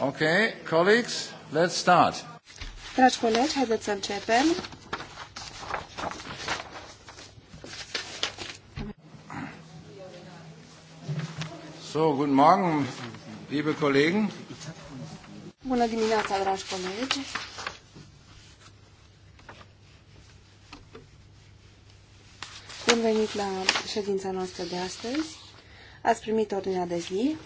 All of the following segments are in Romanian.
Ok, colleagues, let's start. Dragi colegi, haideți să începem. So, guten Morgen, liebe Kollegen. Bună dimineața, dragi colegi. Bun venit la ședința noastră de astăzi. Ați primit ordinea de zi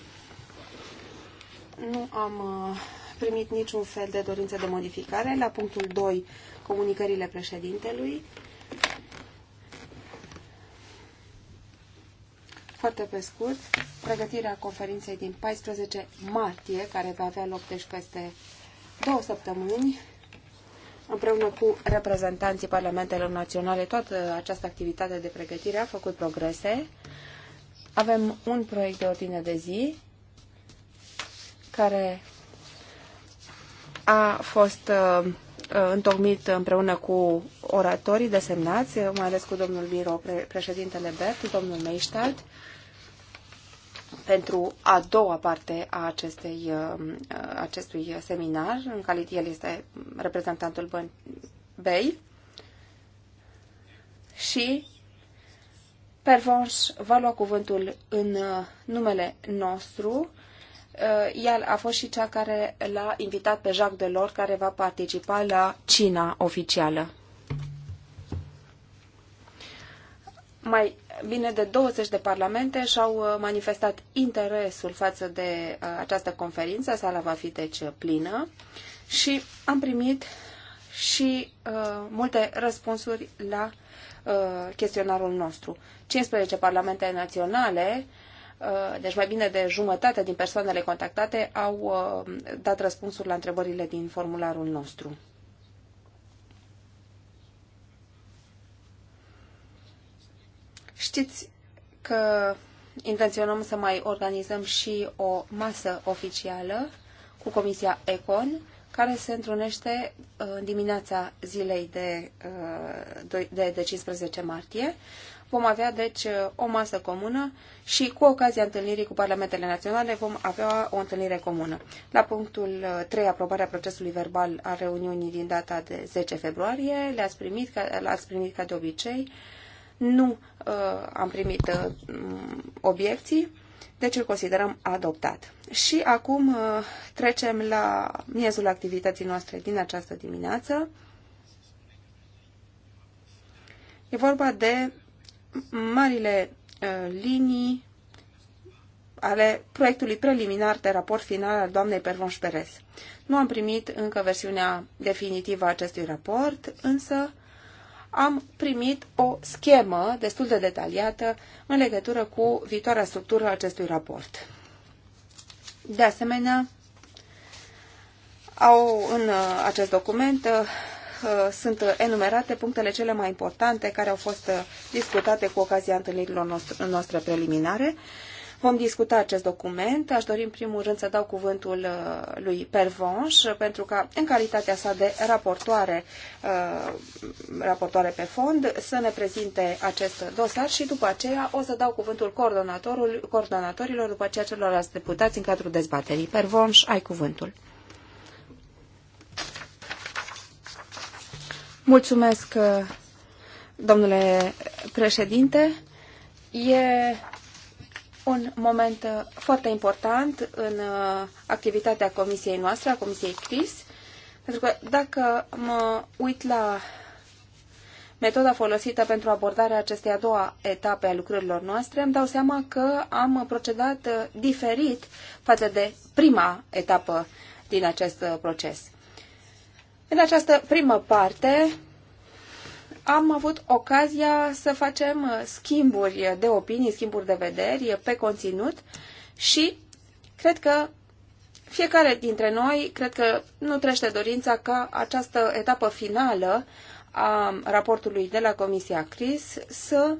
nu am uh, primit niciun fel de dorință de modificare. La punctul 2, comunicările președintelui. Foarte pe scurt, pregătirea conferinței din 14 martie, care va avea loc deci peste două săptămâni, împreună cu reprezentanții Parlamentelor Naționale, toată această activitate de pregătire a făcut progrese. Avem un proiect de ordine de zi care a fost uh, uh, întocmit împreună cu oratorii desemnați, uh, mai ales cu domnul Biro, pre președintele BERT, domnul Meistad, pentru a doua parte a acestei, uh, uh acestui seminar, în care el este reprezentantul BEI, și Pervonș va lua cuvântul în numele nostru Uh, ea a fost și cea care l-a invitat pe Jacques Delors, care va participa la cina oficială. Mai bine de 20 de parlamente și-au uh, manifestat interesul față de uh, această conferință, sala va fi deci plină și am primit și uh, multe răspunsuri la uh, chestionarul nostru. 15 parlamente naționale uh, Uh, deci mai bine de jumătate din persoanele contactate au uh, dat răspunsuri la întrebările din formularul nostru. Știți că intenționăm să mai organizăm și o masă oficială cu Comisia ECON, care se întrunește uh, în dimineața zilei de, de, de 15 martie Vom avea, deci, o masă comună și cu ocazia întâlnirii cu Parlamentele Naționale vom avea o întâlnire comună. La punctul 3, uh, aprobarea procesului verbal a reuniunii din data de 10 februarie, le-ați primit, le ați primit ca de obicei. Nu uh, am primit uh, mm, obiecții, deci îl considerăm adoptat. Și acum uh, trecem la miezul activității noastre din această dimineață. E vorba de marile uh, linii ale proiectului preliminar de raport final al doamnei Pervonș Perez. Nu am primit încă versiunea definitivă a acestui raport, însă am primit o schemă destul de detaliată în legătură cu viitoarea structură a acestui raport. De asemenea, au în uh, acest document uh, sunt enumerate punctele cele mai importante care au fost uh, discutate cu ocazia întâlnirilor noastre preliminare. Vom discuta acest document. Aș dori în primul rând să dau cuvântul uh, lui Pervonș, pentru că în calitatea sa de raportoare, uh, raportoare pe fond, să ne prezinte acest dosar și după aceea o să dau cuvântul coordonatorilor, după aceea celorlalți deputați în cadrul dezbaterii. Pervonș, ai cuvântul. Mulțumesc, uh, domnule președinte. E un moment uh, foarte important în uh, activitatea comisiei noastre, a comisiei CRIS, pentru că dacă mă uit la metoda folosită pentru abordarea acestei a doua etape a lucrărilor noastre, îmi dau seama că am procedat diferit față de prima etapă din acest proces. În această primă parte am avut ocazia să facem uh, schimburi de opinii, schimburi de vederi pe conținut și cred că fiecare dintre noi, cred că nu trește dorința ca această etapă finală a raportului de la Comisia CRIS să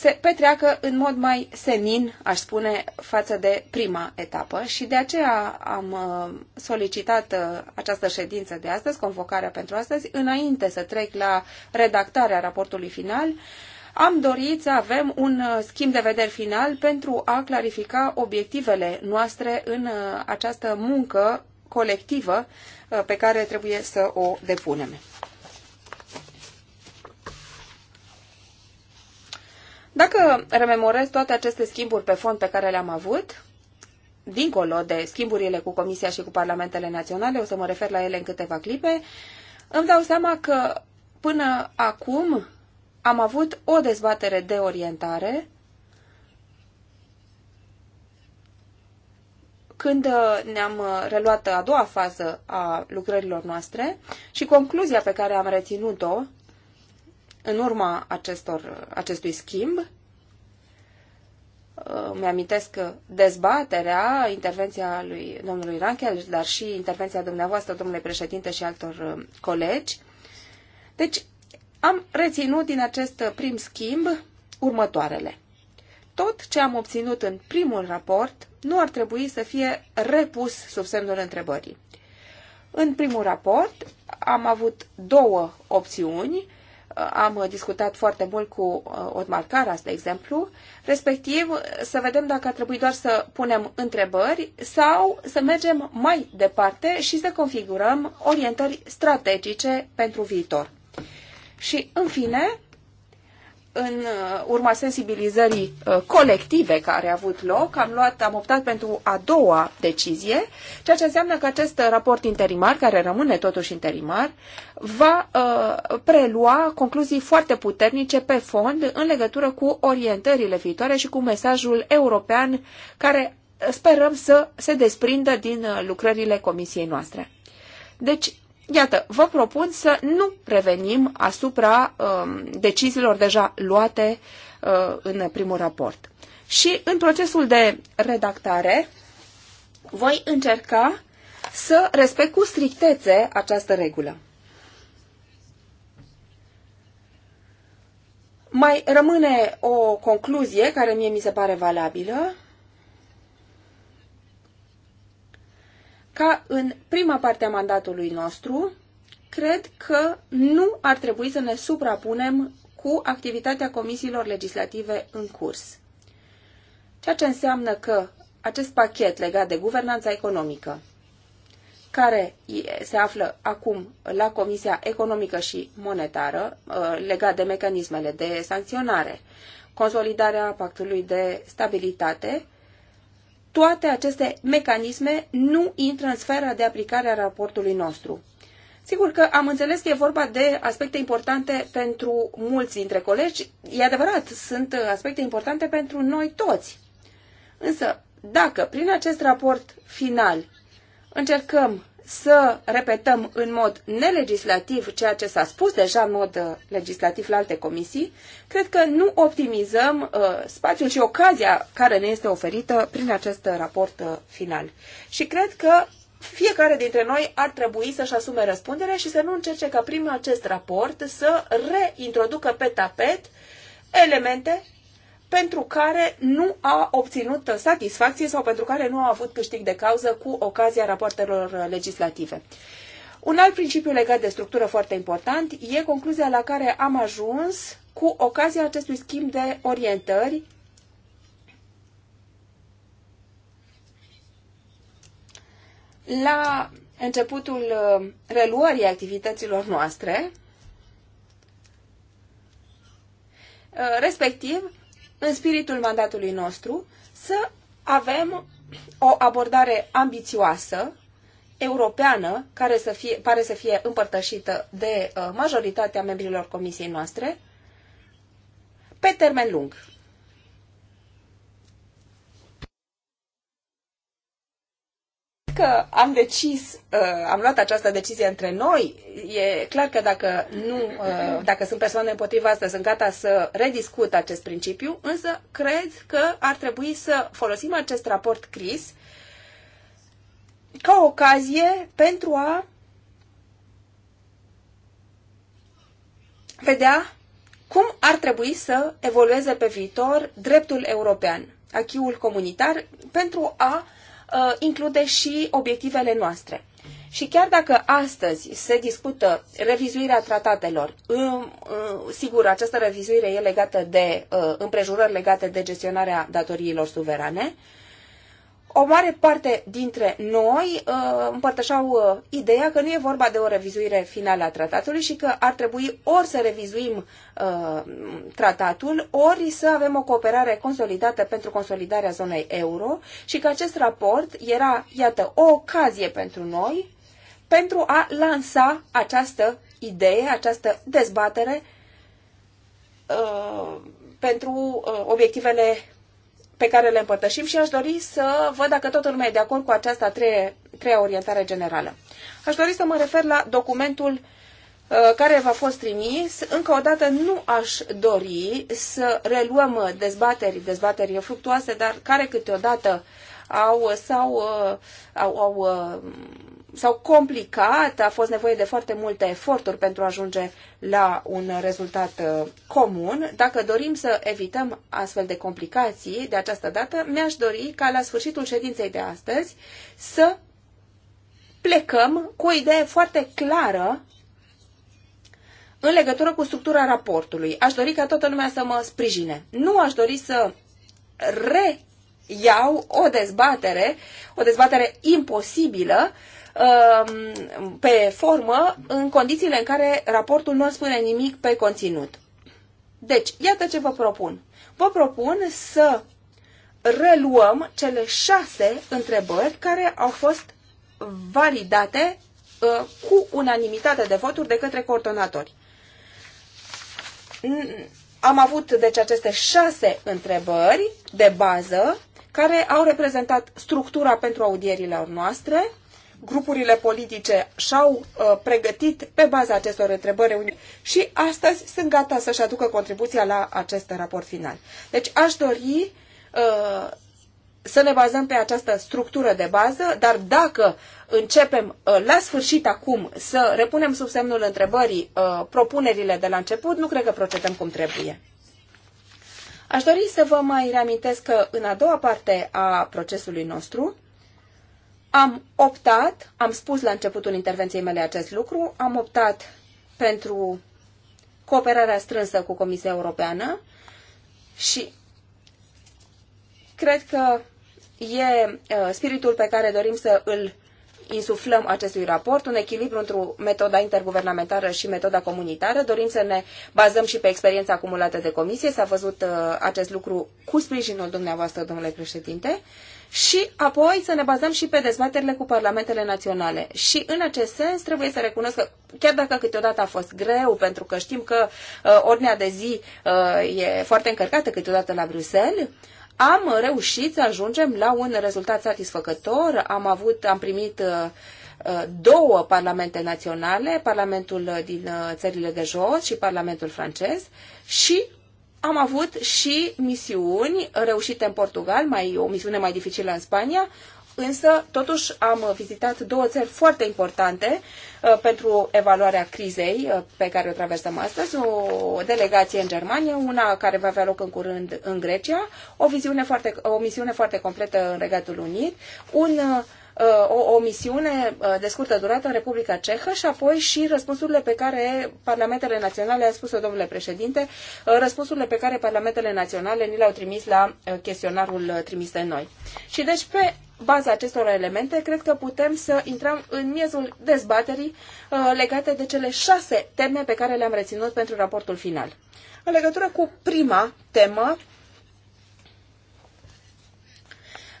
se petreacă în mod mai senin, aș spune, față de prima etapă și de aceea am uh, solicitat uh, această ședință de astăzi, convocarea pentru astăzi, înainte să trec la redactarea raportului final, am dorit să avem un uh, schimb de vederi final pentru a clarifica obiectivele noastre în această muncă colectivă pe care trebuie să o depunem. Dacă rememorez toate aceste schimburi pe fond pe care le-am avut, dincolo de schimburile cu Comisia și cu Parlamentele Naționale, o să mă refer la ele în câteva clipe, îmi dau seama că până acum am avut o dezbatere de orientare când uh, ne-am uh, reluat a doua fază a lucrărilor noastre și concluzia pe care am reținut-o în urma acestor, acestui schimb, uh, mi-amintesc dezbaterea, intervenția lui domnului Rankel, dar și intervenția dumneavoastră, domnule președinte și altor uh, colegi. Deci, am reținut din acest prim schimb următoarele. Tot ce am obținut în primul raport nu ar trebui să fie repus sub semnul întrebării. În primul raport am avut două opțiuni Uh, am discutat foarte mult cu uh, Otmar Caras, de exemplu, respectiv să vedem dacă ar trebui doar să punem întrebări sau să mergem mai departe și să configurăm orientări strategice pentru viitor. Și, în fine, în uh, urma sensibilizării uh, colective care a avut loc, am, luat, am optat pentru a doua decizie, ceea ce înseamnă că acest raport interimar, care rămâne totuși interimar, va uh, prelua concluzii foarte puternice pe fond în legătură cu orientările viitoare și cu mesajul european care uh, sperăm să se desprindă din lucrările comisiei noastre. Deci, Iată, vă propun să nu revenim asupra um, deciziilor deja luate uh, în primul raport. Și în procesul de redactare voi încerca să respect cu strictețe această regulă. Mai rămâne o concluzie care mie mi se pare valabilă, ca în prima parte a mandatului nostru, cred că nu ar trebui să ne suprapunem cu activitatea comisiilor legislative în curs. Ceea ce înseamnă că acest pachet legat de guvernanța economică, care se află acum la Comisia Economică și Monetară, uh, legat de mecanismele de sancționare, consolidarea pactului de stabilitate, toate aceste mecanisme nu intră în sfera de aplicare a raportului nostru. Sigur că am înțeles că e vorba de aspecte importante pentru mulți dintre colegi. E adevărat, sunt aspecte importante pentru noi toți. Însă, dacă prin acest raport final încercăm să repetăm în mod nelegislativ ceea ce s-a spus deja în mod uh, legislativ la alte comisii, cred că nu optimizăm uh, spațiul și ocazia care ne este oferită prin acest uh, raport uh, final. Și cred că fiecare dintre noi ar trebui să-și asume răspunderea și să nu încerce ca prin acest raport să reintroducă pe tapet elemente pentru care nu a obținut satisfacție sau pentru care nu a avut câștig de cauză cu ocazia rapoartelor legislative. Un alt principiu legat de structură foarte important e concluzia la care am ajuns cu ocazia acestui schimb de orientări la începutul uh, reluării activităților noastre, uh, respectiv în spiritul mandatului nostru, să avem o abordare ambițioasă, europeană, care să fie, pare să fie împărtășită de uh, majoritatea membrilor comisiei noastre, pe termen lung. că am decis, uh, am luat această decizie între noi, e clar că dacă nu, uh, dacă sunt persoane împotriva asta, sunt gata să rediscut acest principiu, însă cred că ar trebui să folosim acest raport CRIS ca ocazie pentru a vedea cum ar trebui să evolueze pe viitor dreptul european, achiul comunitar, pentru a uh, Uh, include și obiectivele noastre. Și chiar dacă astăzi se discută revizuirea tratatelor, um, uh, sigur, această revizuire e legată de uh, împrejurări legate de gestionarea datoriilor suverane, o mare parte dintre noi uh, împărtășau uh, ideea că nu e vorba de o revizuire finală a tratatului și că ar trebui ori să revizuim uh, tratatul, ori să avem o cooperare consolidată pentru consolidarea zonei euro și că acest raport era, iată, o ocazie pentru noi pentru a lansa această idee, această dezbatere uh, pentru uh, obiectivele pe care le împărtășim și aș dori să văd dacă toată lumea e de acord cu această a treia, treia orientare generală. Aș dori să mă refer la documentul uh, care v-a fost trimis. Încă o dată nu aș dori să reluăm dezbateri, dezbateri fructuoase, dar care câteodată uh, au, s-au, uh, au, au, uh, s-au complicat, a fost nevoie de foarte multe eforturi pentru a ajunge la un rezultat uh, comun. Dacă dorim să evităm astfel de complicații de această dată, mi-aș dori ca la sfârșitul ședinței de astăzi să plecăm cu o idee foarte clară în legătură cu structura raportului. Aș dori ca toată lumea să mă sprijine. Nu aș dori să re iau o dezbatere, o dezbatere imposibilă um, pe formă, în condițiile în care raportul nu spune nimic pe conținut. Deci, iată ce vă propun. Vă propun să reluăm cele șase întrebări care au fost validate uh, cu unanimitate de voturi de către coordonatori. Am avut, deci, aceste șase întrebări de bază care au reprezentat structura pentru audierile noastre. Grupurile politice și-au uh, pregătit pe baza acestor întrebări și astăzi sunt gata să-și aducă contribuția la acest raport final. Deci aș dori uh, să ne bazăm pe această structură de bază, dar dacă începem uh, la sfârșit acum să repunem sub semnul întrebării uh, propunerile de la început, nu cred că procedăm cum trebuie. Aș dori să vă mai reamintesc că în a doua parte a procesului nostru am optat, am spus la începutul intervenției mele acest lucru, am optat pentru cooperarea strânsă cu Comisia Europeană și cred că e uh, spiritul pe care dorim să îl insuflăm acestui raport un echilibru între metoda interguvernamentară și metoda comunitară. Dorim să ne bazăm și pe experiența acumulată de comisie. S-a văzut uh, acest lucru cu sprijinul dumneavoastră, domnule președinte și apoi să ne bazăm și pe dezbaterile cu parlamentele naționale. Și în acest sens trebuie să recunosc că, chiar dacă câteodată a fost greu, pentru că știm că uh, ordinea de zi uh, e foarte încărcată câteodată la Bruxelles, am reușit să ajungem la un rezultat satisfăcător. Am avut, am primit uh, uh, două parlamente naționale, Parlamentul din uh, țările de jos și Parlamentul francez și am avut și misiuni reușite în Portugal, mai, o misiune mai dificilă în Spania, însă totuși am vizitat două țări foarte importante uh, pentru evaluarea crizei uh, pe care o traversăm astăzi, o delegație în Germania, una care va avea loc în curând în Grecia, o, viziune foarte, o misiune foarte completă în Regatul Unit, un uh, o, o misiune de scurtă durată în Republica Cehă și apoi și răspunsurile pe care parlamentele naționale, a spus-o domnule președinte, răspunsurile pe care parlamentele naționale ni le-au trimis la chestionarul trimis de noi. Și deci pe baza acestor elemente, cred că putem să intrăm în miezul dezbaterii uh, legate de cele șase teme pe care le-am reținut pentru raportul final. În legătură cu prima temă,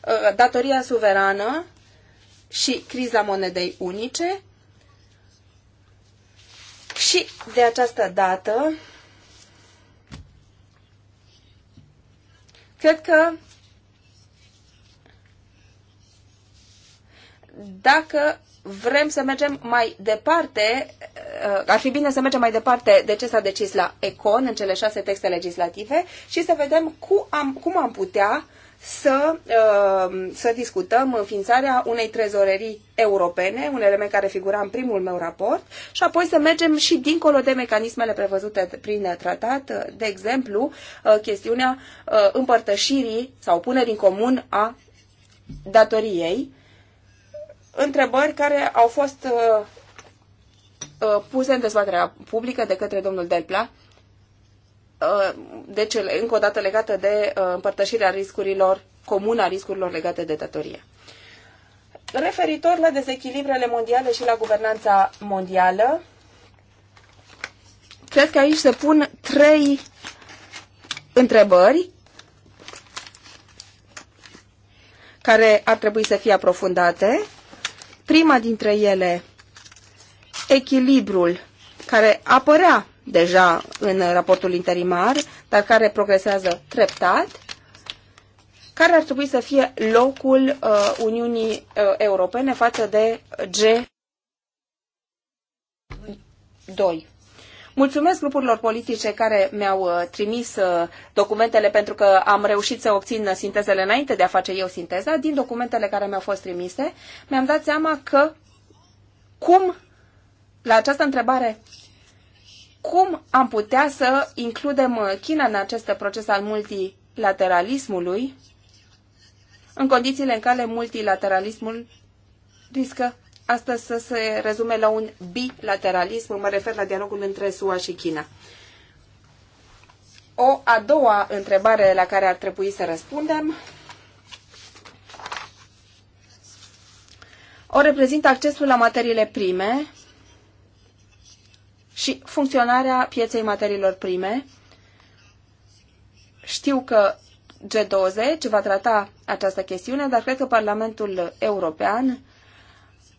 uh, datoria suverană și criza monedei unice, și de această dată, cred că dacă vrem să mergem mai departe, uh, ar fi bine să mergem mai departe de ce s-a decis la ECON în cele șase texte legislative și să vedem cum am, cum am putea să, uh, să discutăm înființarea unei trezorerii europene, un element care figura în primul meu raport, și apoi să mergem și dincolo de mecanismele prevăzute prin tratat, de exemplu, uh, chestiunea împărtășirii sau punerii în comun a datoriei, întrebări care au fost uh, uh, puse în dezbaterea publică de către domnul Delpla, uh, deci încă o dată legată de uh, împărtășirea riscurilor, comună a riscurilor legate de datorie. Referitor la dezechilibrele mondiale și la guvernanța mondială, cred că aici se pun trei întrebări care ar trebui să fie aprofundate. Prima dintre ele, echilibrul care apărea deja în raportul interimar, dar care progresează treptat, care ar trebui să fie locul uh, Uniunii uh, Europene față de G2. Mulțumesc grupurilor politice care mi-au uh, trimis uh, documentele pentru că am reușit să obțin sintezele înainte de a face eu sinteza. Din documentele care mi-au fost trimise, mi-am dat seama că cum, la această întrebare, cum am putea să includem uh, China în acest proces al multilateralismului, în condițiile în care multilateralismul riscă astăzi să se rezume la un bilateralism, mă refer la dialogul între SUA și China. O a doua întrebare la care ar trebui să răspundem o reprezintă accesul la materiile prime și funcționarea pieței materiilor prime. Știu că G20 va trata această chestiune, dar cred că Parlamentul European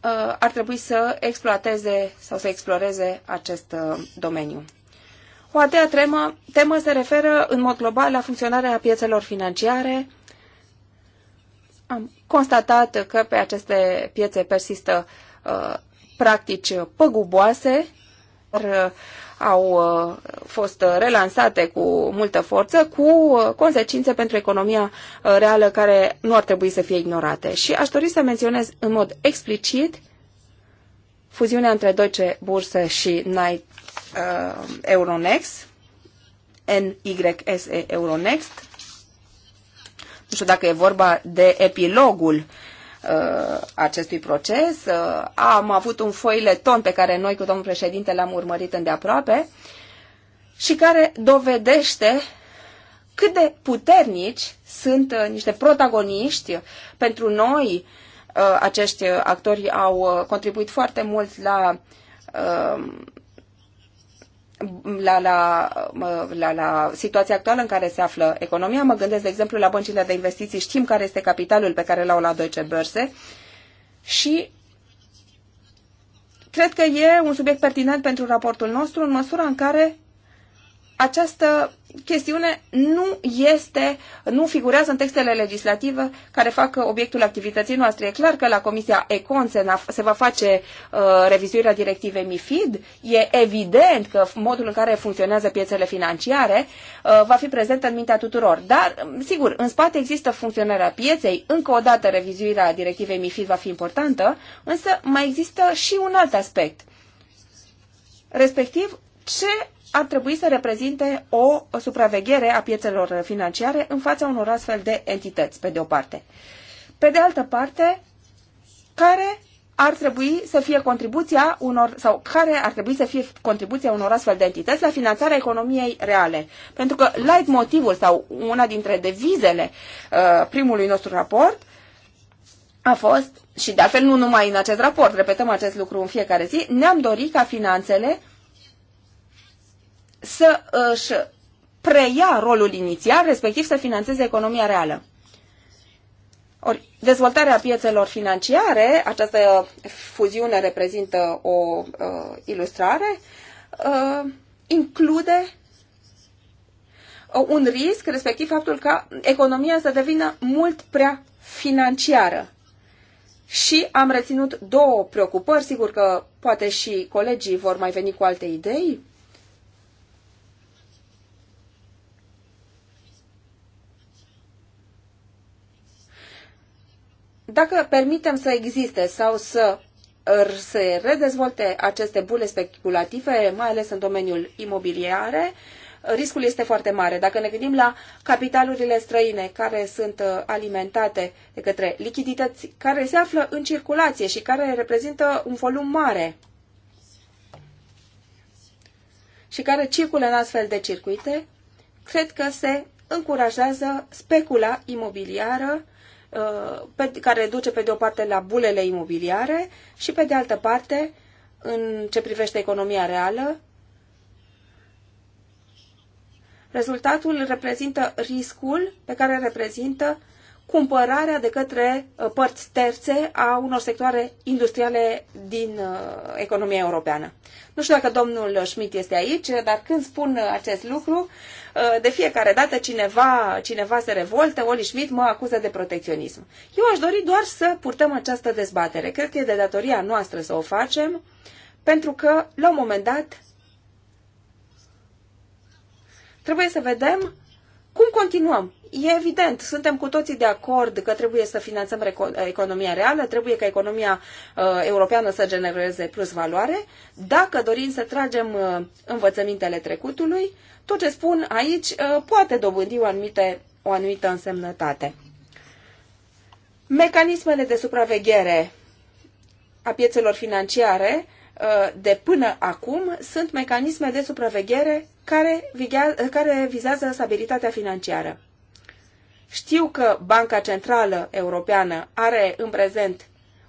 Uh, ar trebui să exploateze sau să exploreze acest uh, domeniu. O a treia temă, temă se referă în mod global la funcționarea piețelor financiare. Am constatat că pe aceste piețe persistă uh, practici păguboase, dar uh, au uh, fost relansate cu multă forță, cu uh, consecințe pentru economia uh, reală care nu ar trebui să fie ignorate. Și aș dori să menționez în mod explicit fuziunea între Deutsche bursă și Night, uh, Euronext, NYSE Euronext. Nu știu dacă e vorba de epilogul Uh, acestui proces. Uh, am avut un foileton pe care noi cu domnul președinte l-am urmărit îndeaproape și care dovedește cât de puternici sunt uh, niște protagoniști pentru noi. Acești actori au contribuit foarte mult la la, la, la, la situația actuală în care se află economia. Mă gândesc, de exemplu, la băncile de investiții. Știm care este capitalul pe care l-au la Deutsche Börse și cred că e un subiect pertinent pentru raportul nostru în măsura în care această chestiune nu este, nu figurează în textele legislative care fac obiectul activității noastre. E clar că la Comisia Econ se, se va face uh, revizuirea directivei MIFID. E evident că modul în care funcționează piețele financiare uh, va fi prezent în mintea tuturor. Dar, um, sigur, în spate există funcționarea pieței, încă o dată revizuirea directivei MIFID va fi importantă, însă mai există și un alt aspect. Respectiv, ce ar trebui să reprezinte o supraveghere a piețelor financiare în fața unor astfel de entități, pe de o parte. Pe de altă parte, care ar trebui să fie contribuția unor, sau care ar trebui să fie contribuția unor astfel de entități la finanțarea economiei reale. Pentru că light motivul sau una dintre devizele uh, primului nostru raport a fost, și de altfel nu numai în acest raport, repetăm acest lucru în fiecare zi, ne-am dorit ca finanțele să își uh, preia rolul inițial, respectiv să financeze economia reală. Ori, dezvoltarea piețelor financiare, această fuziune reprezintă o uh, ilustrare, uh, include uh, un risc, respectiv faptul că economia să devină mult prea financiară. Și am reținut două preocupări, sigur că poate și colegii vor mai veni cu alte idei. Dacă permitem să existe sau să se redezvolte aceste bule speculative, mai ales în domeniul imobiliare, riscul este foarte mare. Dacă ne gândim la capitalurile străine care sunt uh, alimentate de către lichidități care se află în circulație și care reprezintă un volum mare și care circulă în astfel de circuite, cred că se încurajează specula imobiliară Uh, pe, care duce pe de o parte la bulele imobiliare și pe de altă parte, în ce privește economia reală, rezultatul reprezintă riscul pe care reprezintă cumpărarea de către uh, părți terțe a unor sectoare industriale din uh, economia europeană. Nu știu dacă domnul Schmidt este aici, dar când spun uh, acest lucru, de fiecare dată cineva, cineva se revoltă, Oli Schmidt mă acuză de protecționism. Eu aș dori doar să purtăm această dezbatere. Cred că e de datoria noastră să o facem, pentru că, la un moment dat, trebuie să vedem cum continuăm e evident, suntem cu toții de acord că trebuie să finanțăm economia reală, trebuie ca economia uh, europeană să genereze plus valoare. Dacă dorim să tragem uh, învățămintele trecutului, tot ce spun aici uh, poate dobândi o, anumite, o anumită însemnătate. Mecanismele de supraveghere a piețelor financiare de până acum sunt mecanisme de supraveghere care, care vizează stabilitatea financiară. Știu că Banca Centrală Europeană are în prezent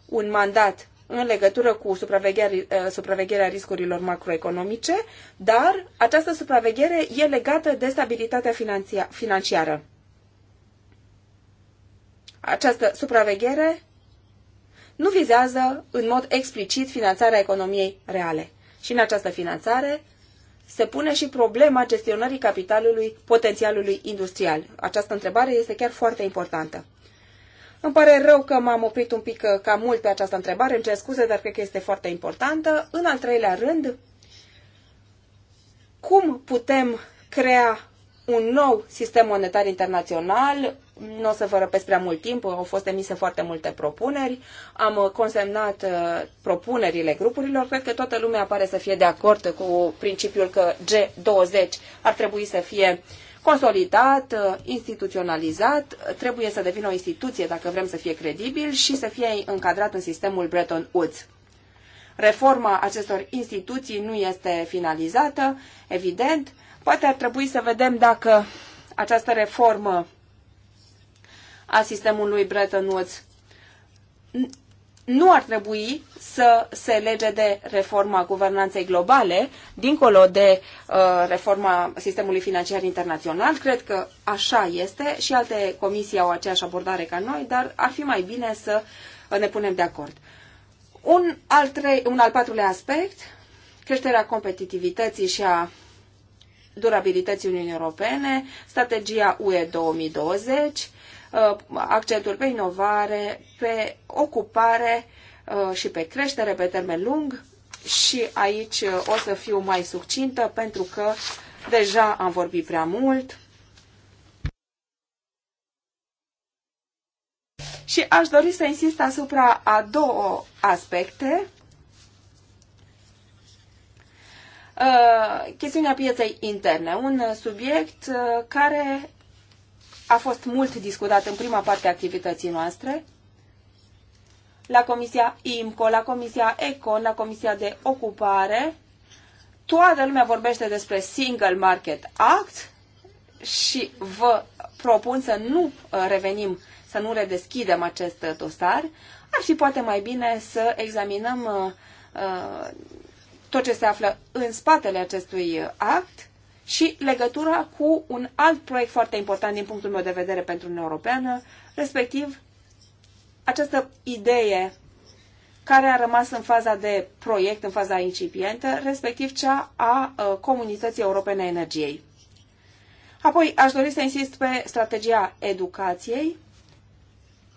un mandat în legătură cu eh, supravegherea riscurilor macroeconomice, dar această supraveghere e legată de stabilitatea financiară. Această supraveghere nu vizează în mod explicit finanțarea economiei reale. Și în această finanțare se pune și problema gestionării capitalului potențialului industrial. Această întrebare este chiar foarte importantă. Îmi pare rău că m-am oprit un pic uh, cam mult pe această întrebare, îmi cer scuze, dar cred că este foarte importantă. În al treilea rând, cum putem crea un nou sistem monetar internațional. Nu o să vă răpesc prea mult timp, au fost emise foarte multe propuneri. Am consemnat uh, propunerile grupurilor. Cred că toată lumea pare să fie de acord cu principiul că G20 ar trebui să fie consolidat, uh, instituționalizat, trebuie să devină o instituție dacă vrem să fie credibil și să fie încadrat în sistemul Bretton Woods. Reforma acestor instituții nu este finalizată, evident, Poate ar trebui să vedem dacă această reformă a sistemului Bretton Woods nu ar trebui să se lege de reforma guvernanței globale, dincolo de uh, reforma sistemului financiar internațional. Cred că așa este și alte comisii au aceeași abordare ca noi, dar ar fi mai bine să ne punem de acord. Un al, trei, un al patrulea aspect, creșterea competitivității și a durabilității Uniunii Europene, strategia UE 2020, uh, accentul pe inovare, pe ocupare uh, și pe creștere pe termen lung și aici uh, o să fiu mai succintă pentru că deja am vorbit prea mult. Și aș dori să insist asupra a două aspecte Uh, chestiunea pieței interne, un subiect uh, care a fost mult discutat în prima parte a activității noastre, la Comisia IMCO, la Comisia ECON, la Comisia de Ocupare. Toată lumea vorbește despre Single Market Act și vă propun să nu uh, revenim, să nu redeschidem acest dosar. Ar fi poate mai bine să examinăm uh, tot ce se află în spatele acestui uh, act și legătura cu un alt proiect foarte important din punctul meu de vedere pentru Uniunea Europeană, respectiv această idee care a rămas în faza de proiect, în faza incipientă, respectiv cea a uh, Comunității Europene a Energiei. Apoi, aș dori să insist pe strategia educației,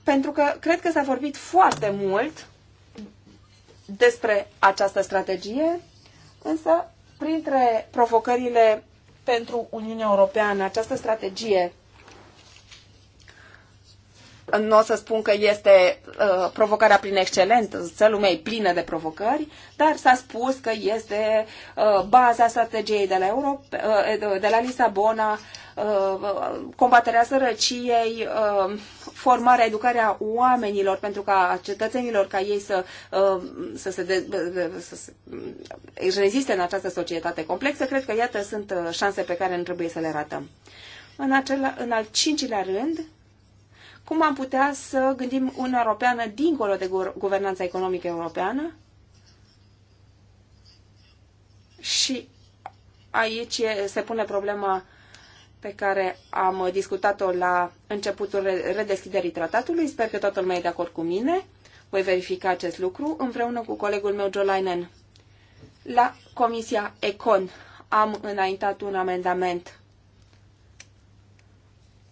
pentru că cred că s-a vorbit foarte mult despre această strategie, însă printre provocările pentru Uniunea Europeană, această strategie nu o să spun că este uh, provocarea prin excelență, lumea e plină de provocări, dar s-a spus că este uh, baza strategiei de la, Europe, uh, de la Lisabona, uh, combaterea sărăciei, uh, formarea, educarea oamenilor pentru ca cetățenilor ca ei să, uh, să, se de, să uh, să, reziste în această societate complexă. Cred că, iată, sunt uh, șanse pe care nu trebuie să le ratăm. În, acela, în al cincilea rând, cum am putea să gândim Uniunea Europeană dincolo de guvernanța economică europeană? Și aici se pune problema pe care am discutat-o la începutul redeschiderii tratatului. Sper că toată lumea e de acord cu mine. Voi verifica acest lucru împreună cu colegul meu, Joe La Comisia Econ am înaintat un amendament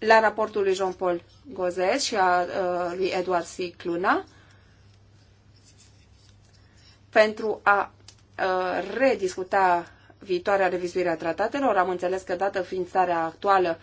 la raportul lui Jean-Paul Gozes și a uh, lui Eduard C. Cluna pentru a uh, rediscuta viitoarea revizuire a tratatelor. Am înțeles că, dată fiind starea actuală,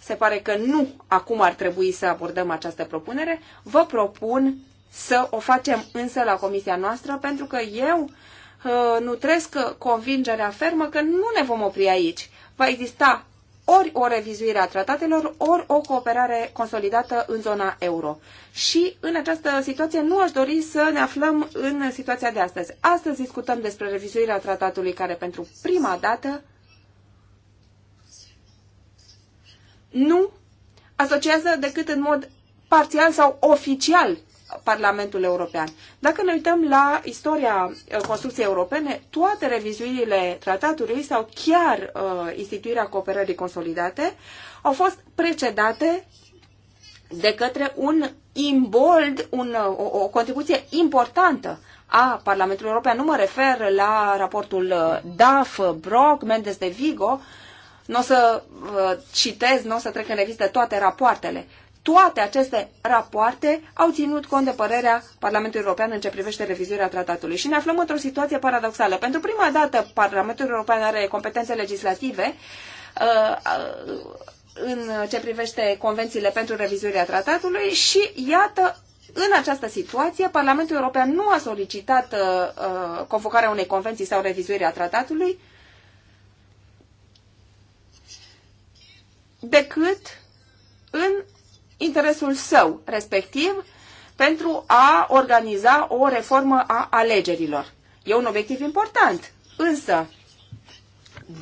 se pare că nu acum ar trebui să abordăm această propunere. Vă propun să o facem însă la comisia noastră, pentru că eu uh, nutresc convingerea fermă că nu ne vom opri aici. Va exista ori o revizuire a tratatelor, ori o cooperare consolidată în zona euro. Și în această situație nu aș dori să ne aflăm în situația de astăzi. Astăzi discutăm despre revizuirea tratatului care pentru prima dată nu asociază decât în mod parțial sau oficial Parlamentul European. Dacă ne uităm la istoria uh, construcției europene, toate revizuirile tratatului sau chiar uh, instituirea cooperării consolidate au fost precedate de către un imbold, un, uh, o, o contribuție importantă a Parlamentului European. Nu mă refer la raportul uh, DAF, Brock, Mendes de Vigo, nu o să uh, citez, nu o să trec în revistă toate rapoartele, toate aceste rapoarte au ținut cont de părerea Parlamentului European în ce privește revizuirea tratatului. Și ne aflăm într-o situație paradoxală. Pentru prima dată, Parlamentul European are competențe legislative uh, uh, în ce privește convențiile pentru revizuirea tratatului și iată în această situație, Parlamentul European nu a solicitat uh, uh convocarea unei convenții sau revizuirea tratatului decât în interesul său respectiv pentru a organiza o reformă a alegerilor. E un obiectiv important, însă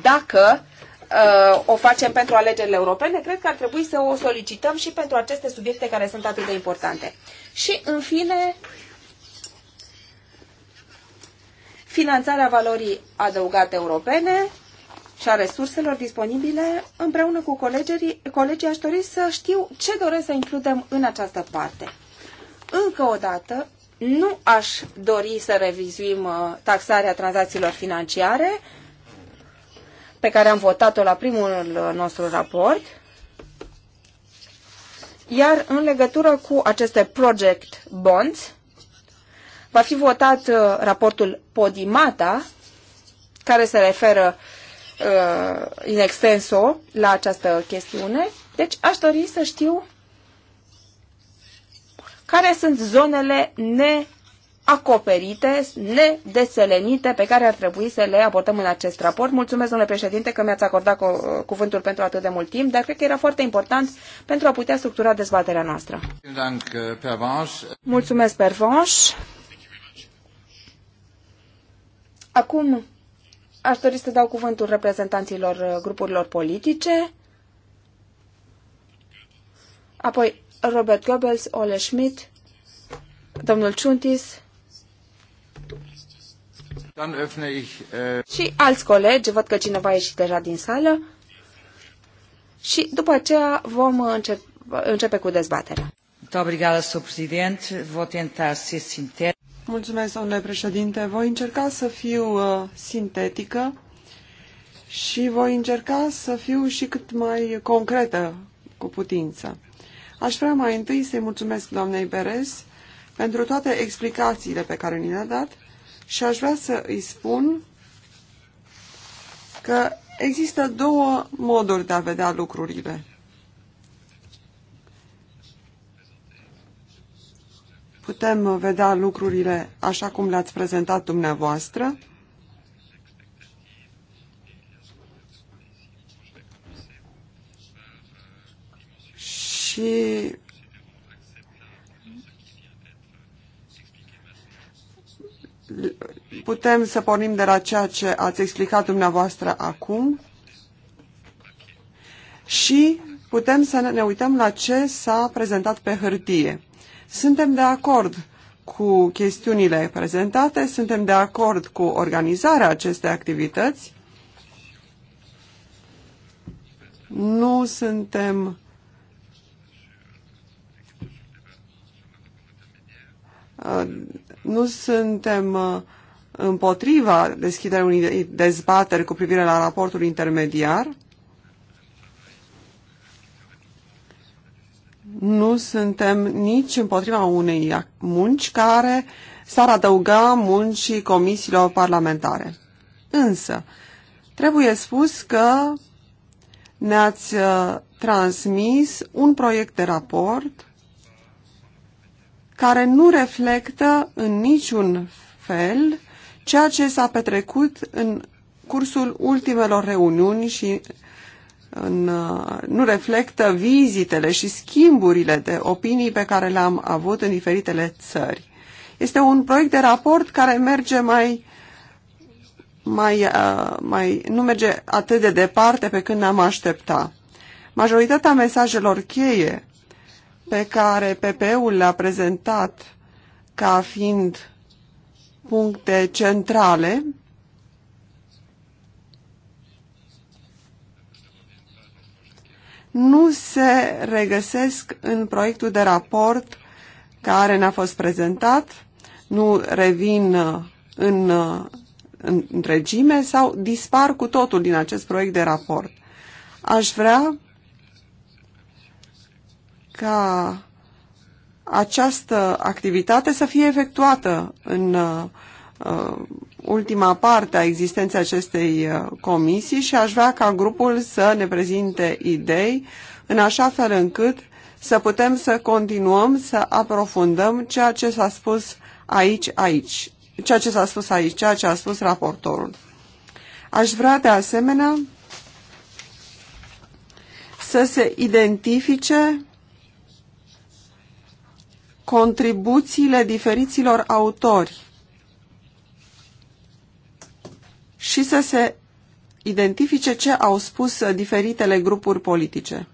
dacă uh, o facem pentru alegerile europene, cred că ar trebui să o solicităm și pentru aceste subiecte care sunt atât de importante. Și, în fine, finanțarea valorii adăugate europene, și a resurselor disponibile, împreună cu colegii, colegii aș dori să știu ce doresc să includem în această parte. Încă o dată, nu aș dori să revizuim uh, taxarea tranzacțiilor financiare pe care am votat-o la primul uh, nostru raport, iar în legătură cu aceste project bonds, va fi votat uh, raportul Podimata, care se referă Uh, in extenso la această chestiune. Deci aș dori să știu care sunt zonele neacoperite, nedeselenite, pe care ar trebui să le abordăm în acest raport. Mulțumesc, domnule președinte, că mi-ați acordat cuvântul pentru atât de mult timp, dar cred că era foarte important pentru a putea structura dezbaterea noastră. Mulțumesc, Pervanș. Acum Aș dori să dau cuvântul reprezentanților uh, grupurilor politice. Apoi Robert Goebbels, Ole Schmidt, domnul Ciuntis äh, și alți colegi. Văd că cineva a ieșit deja din sală. Și după aceea vom începe, începe cu dezbaterea. Muito obrigada, Sr. Presidente. Vou tentar ser sintética. Mulțumesc, domnule președinte. Voi încerca să fiu uh, sintetică și voi încerca să fiu și cât mai concretă cu putință. Aș vrea mai întâi să-i mulțumesc doamnei Beres pentru toate explicațiile pe care ni le-a dat și aș vrea să îi spun că există două moduri de a vedea lucrurile. putem vedea lucrurile așa cum le-ați prezentat dumneavoastră. Și putem să pornim de la ceea ce ați explicat dumneavoastră acum și putem să ne uităm la ce s-a prezentat pe hârtie. Suntem de acord cu chestiunile prezentate, suntem de acord cu organizarea acestei activități. Nu suntem uh, nu suntem uh, împotriva deschiderii unei dezbateri cu privire la raportul intermediar. nu suntem nici împotriva unei munci care s-ar adăuga muncii comisiilor parlamentare. Însă, trebuie spus că ne-ați uh, transmis un proiect de raport care nu reflectă în niciun fel ceea ce s-a petrecut în cursul ultimelor reuniuni și în, nu reflectă vizitele și schimburile de opinii pe care le-am avut în diferitele țări. Este un proiect de raport care merge mai, mai, uh, mai nu merge atât de departe pe când ne-am aștepta. Majoritatea mesajelor cheie pe care PP-ul le-a prezentat ca fiind puncte centrale nu se regăsesc în proiectul de raport care ne-a fost prezentat, nu revin uh, în uh, întregime sau dispar cu totul din acest proiect de raport. Aș vrea ca această activitate să fie efectuată în uh, ultima parte a existenței acestei uh, comisii și aș vrea ca grupul să ne prezinte idei în așa fel încât să putem să continuăm să aprofundăm ceea ce s-a spus aici, aici, ceea ce s-a spus aici, ceea ce a spus raportorul. Aș vrea de asemenea să se identifice contribuțiile diferiților autori și să se identifice ce au spus diferitele grupuri politice.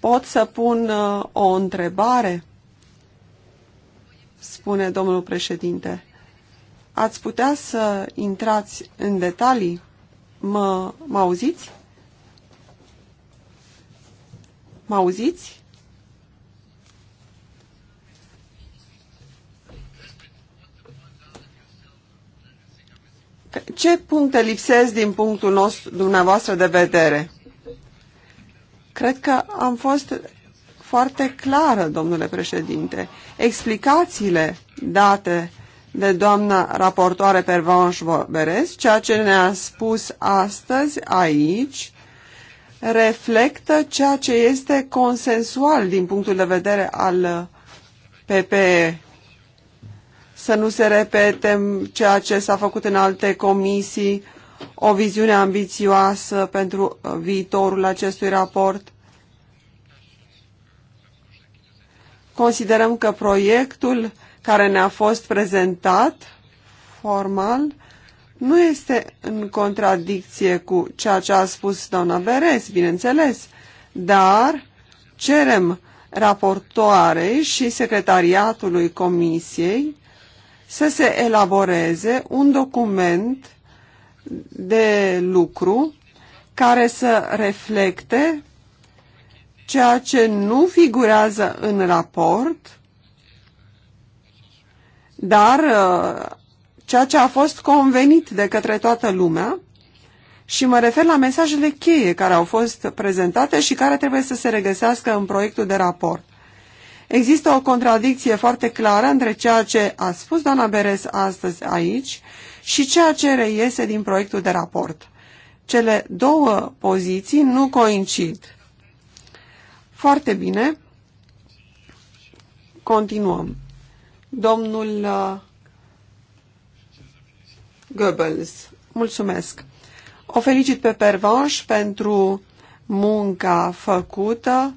Pot să pun uh, o întrebare? Spune domnul președinte. Ați putea să intrați în detalii? Mă, mă auziți? Mă auziți? Ce puncte lipsesc din punctul nostru, dumneavoastră de vedere? Cred că am fost foarte clară, domnule președinte. Explicațiile date de doamna raportoare Pervanș Beres, ceea ce ne-a spus astăzi aici, reflectă ceea ce este consensual din punctul de vedere al PPE să nu se repete ceea ce s-a făcut în alte comisii, o viziune ambițioasă pentru uh, viitorul acestui raport. Considerăm că proiectul care ne-a fost prezentat formal nu este în contradicție cu ceea ce a spus doamna Beres, bineînțeles, dar cerem raportoarei și secretariatului comisiei să se elaboreze un document de lucru care să reflecte ceea ce nu figurează în raport, dar uh, ceea ce a fost convenit de către toată lumea și mă refer la mesajele cheie care au fost prezentate și care trebuie să se regăsească în proiectul de raport. Există o contradicție foarte clară între ceea ce a spus doamna Beres astăzi aici și ceea ce reiese din proiectul de raport. Cele două poziții nu coincid. Foarte bine. Continuăm. Domnul uh, Goebbels, mulțumesc. O felicit pe Pervanș pentru munca făcută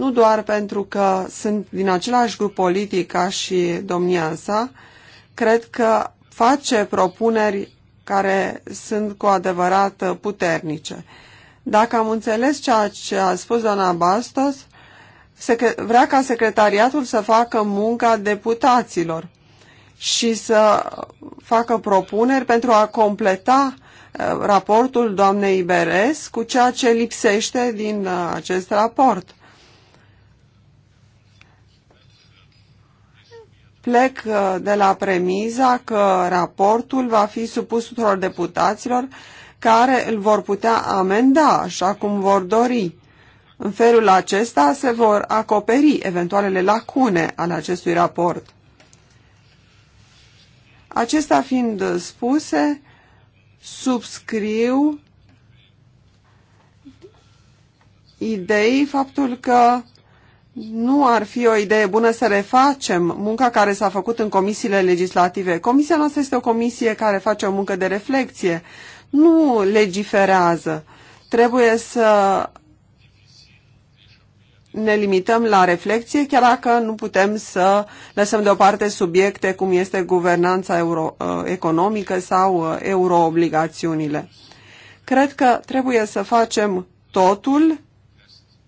nu doar pentru că sunt din același grup politic ca și domnia sa, cred că face propuneri care sunt cu adevărat puternice. Dacă am înțeles ceea ce a spus doamna Bastos, vrea ca secretariatul să facă munca deputaților și să facă propuneri pentru a completa uh, raportul doamnei Iberes cu ceea ce lipsește din uh, acest raport. Plec uh, de la premiza că raportul va fi supus tuturor deputaților care îl vor putea amenda așa cum vor dori. În felul acesta se vor acoperi eventualele lacune ale acestui raport. Acestea fiind spuse, subscriu idei faptul că nu ar fi o idee bună să refacem munca care s-a făcut în comisiile legislative. Comisia noastră este o comisie care face o muncă de reflexie, nu legiferează. Trebuie să ne limităm la reflexie, chiar dacă nu putem să lăsăm deoparte subiecte cum este guvernanța euro, uh, economică sau uh, euroobligațiunile. Cred că trebuie să facem totul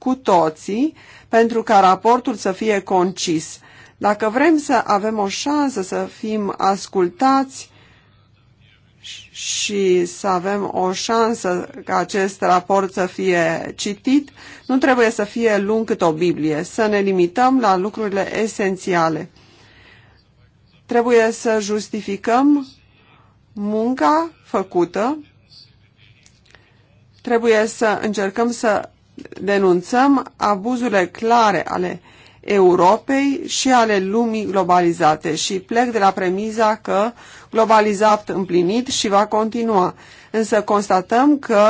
cu toții pentru ca raportul să fie concis. Dacă vrem să avem o șansă să fim ascultați și să avem o șansă ca acest raport să fie citit, nu trebuie să fie lung cât o Biblie, să ne limităm la lucrurile esențiale. Trebuie să justificăm munca făcută, trebuie să încercăm să denunțăm abuzurile clare ale Europei și ale lumii globalizate și plec de la premiza că globalizat împlinit și va continua. Însă constatăm că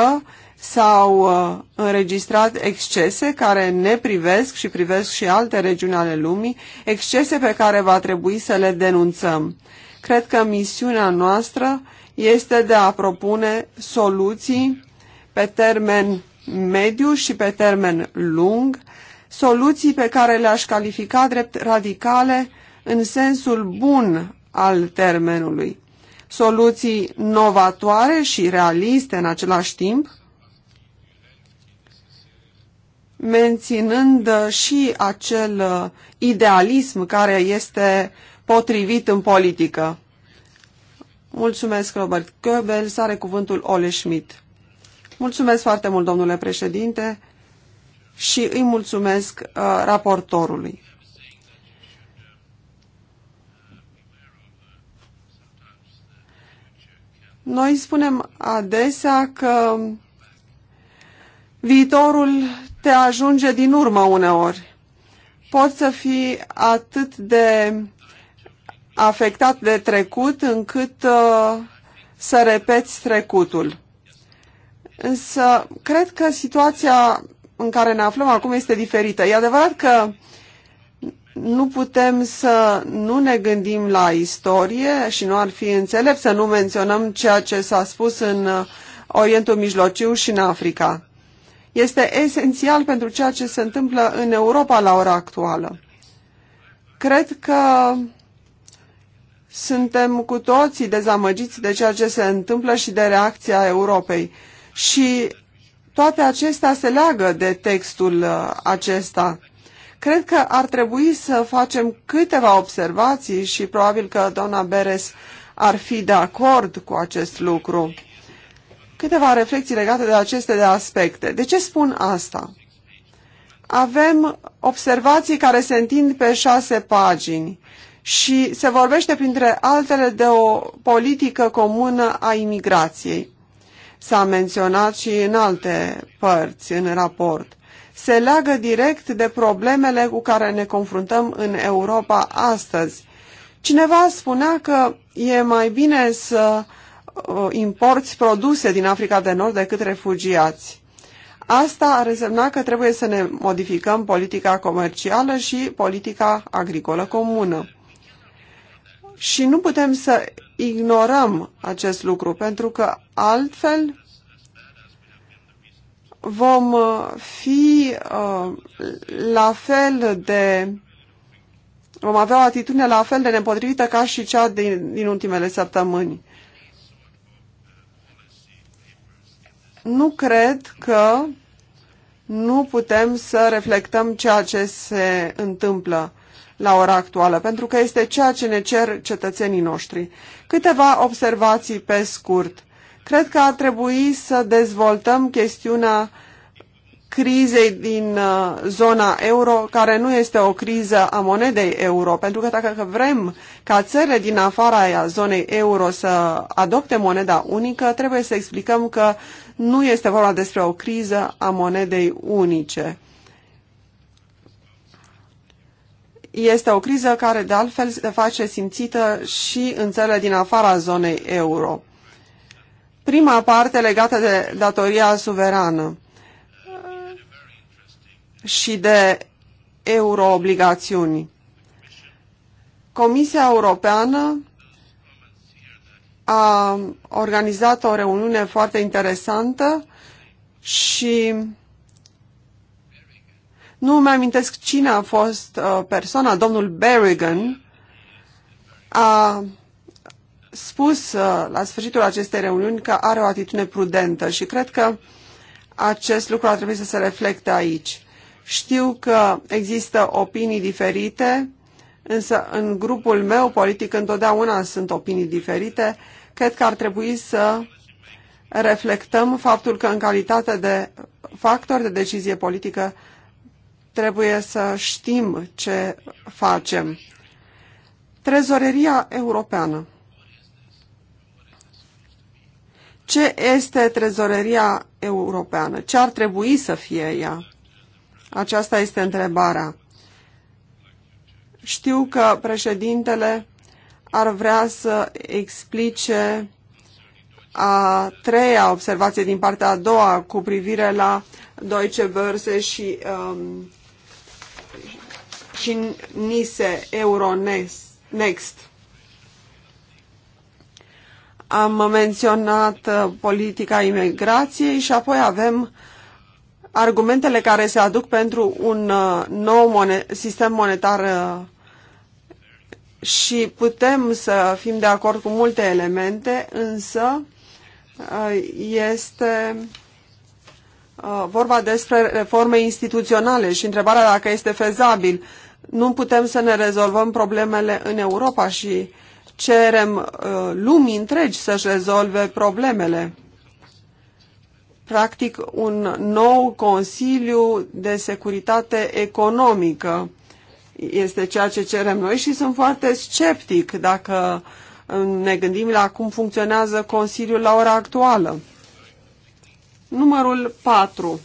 s-au uh, înregistrat excese care ne privesc și privesc și alte regiuni ale lumii, excese pe care va trebui să le denunțăm. Cred că misiunea noastră este de a propune soluții pe termen mediu și pe termen lung, soluții pe care le-aș califica drept radicale în sensul bun al termenului, soluții novatoare și realiste în același timp, menținând și acel idealism care este potrivit în politică. Mulțumesc, Robert Goebbels. Are cuvântul Ole Schmidt. Mulțumesc foarte mult, domnule președinte, și îi mulțumesc uh, raportorului. Noi spunem adesea că viitorul te ajunge din urmă uneori. Poți să fii atât de afectat de trecut încât uh, să repeți trecutul. Însă, cred că situația în care ne aflăm acum este diferită. E adevărat că nu putem să nu ne gândim la istorie și nu ar fi înțelept să nu menționăm ceea ce s-a spus în uh, Orientul Mijlociu și în Africa. Este esențial pentru ceea ce se întâmplă în Europa la ora actuală. Cred că suntem cu toții dezamăgiți de ceea ce se întâmplă și de reacția Europei și toate acestea se leagă de textul uh, acesta. Cred că ar trebui să facem câteva observații și probabil că doamna Beres ar fi de acord cu acest lucru. Câteva reflexii legate de aceste de aspecte. De ce spun asta? Avem observații care se întind pe șase pagini și se vorbește printre altele de o politică comună a imigrației s-a menționat și în alte părți în raport. Se leagă direct de problemele cu care ne confruntăm în Europa astăzi. Cineva spunea că e mai bine să uh, importi produse din Africa de Nord decât refugiați. Asta ar însemna că trebuie să ne modificăm politica comercială și politica agricolă comună. Și nu putem să ignorăm acest lucru, pentru că altfel vom uh, fi uh, la fel de vom avea o atitudine la fel de nepotrivită ca și cea din, din ultimele săptămâni. Nu cred că nu putem să reflectăm ceea ce se întâmplă la ora actuală, pentru că este ceea ce ne cer cetățenii noștri. Câteva observații pe scurt. Cred că ar trebui să dezvoltăm chestiunea crizei din uh, zona euro, care nu este o criză a monedei euro, pentru că dacă vrem ca țările din afara aia, zonei euro să adopte moneda unică, trebuie să explicăm că nu este vorba despre o criză a monedei unice. Este o criză care de altfel se face simțită și în țările din afara zonei euro. Prima parte legată de datoria suverană și de euroobligațiuni. Comisia Europeană a organizat o reuniune foarte interesantă și nu mi amintesc cine a fost uh, persoana, domnul Berrigan a spus uh, la sfârșitul acestei reuniuni că are o atitudine prudentă și cred că acest lucru ar trebui să se reflecte aici. Știu că există opinii diferite, însă în grupul meu politic întotdeauna sunt opinii diferite. Cred că ar trebui să reflectăm faptul că în calitate de factor de decizie politică trebuie să știm ce facem. Trezoreria europeană. Ce este trezoreria europeană? Ce ar trebui să fie ea? Aceasta este întrebarea. Știu că președintele ar vrea să explice a treia observație din partea a doua cu privire la Deutsche Börse și um, Nise Euronext. Am menționat uh, politica imigrației și apoi avem argumentele care se aduc pentru un uh, nou monet, sistem monetar uh, și putem să fim de acord cu multe elemente, însă este vorba despre reforme instituționale și întrebarea dacă este fezabil nu putem să ne rezolvăm problemele în Europa și cerem uh, lumii întregi să-și rezolve problemele. Practic, un nou Consiliu de Securitate Economică este ceea ce cerem noi și sunt foarte sceptic dacă uh, ne gândim la cum funcționează Consiliul la ora actuală. Numărul 4.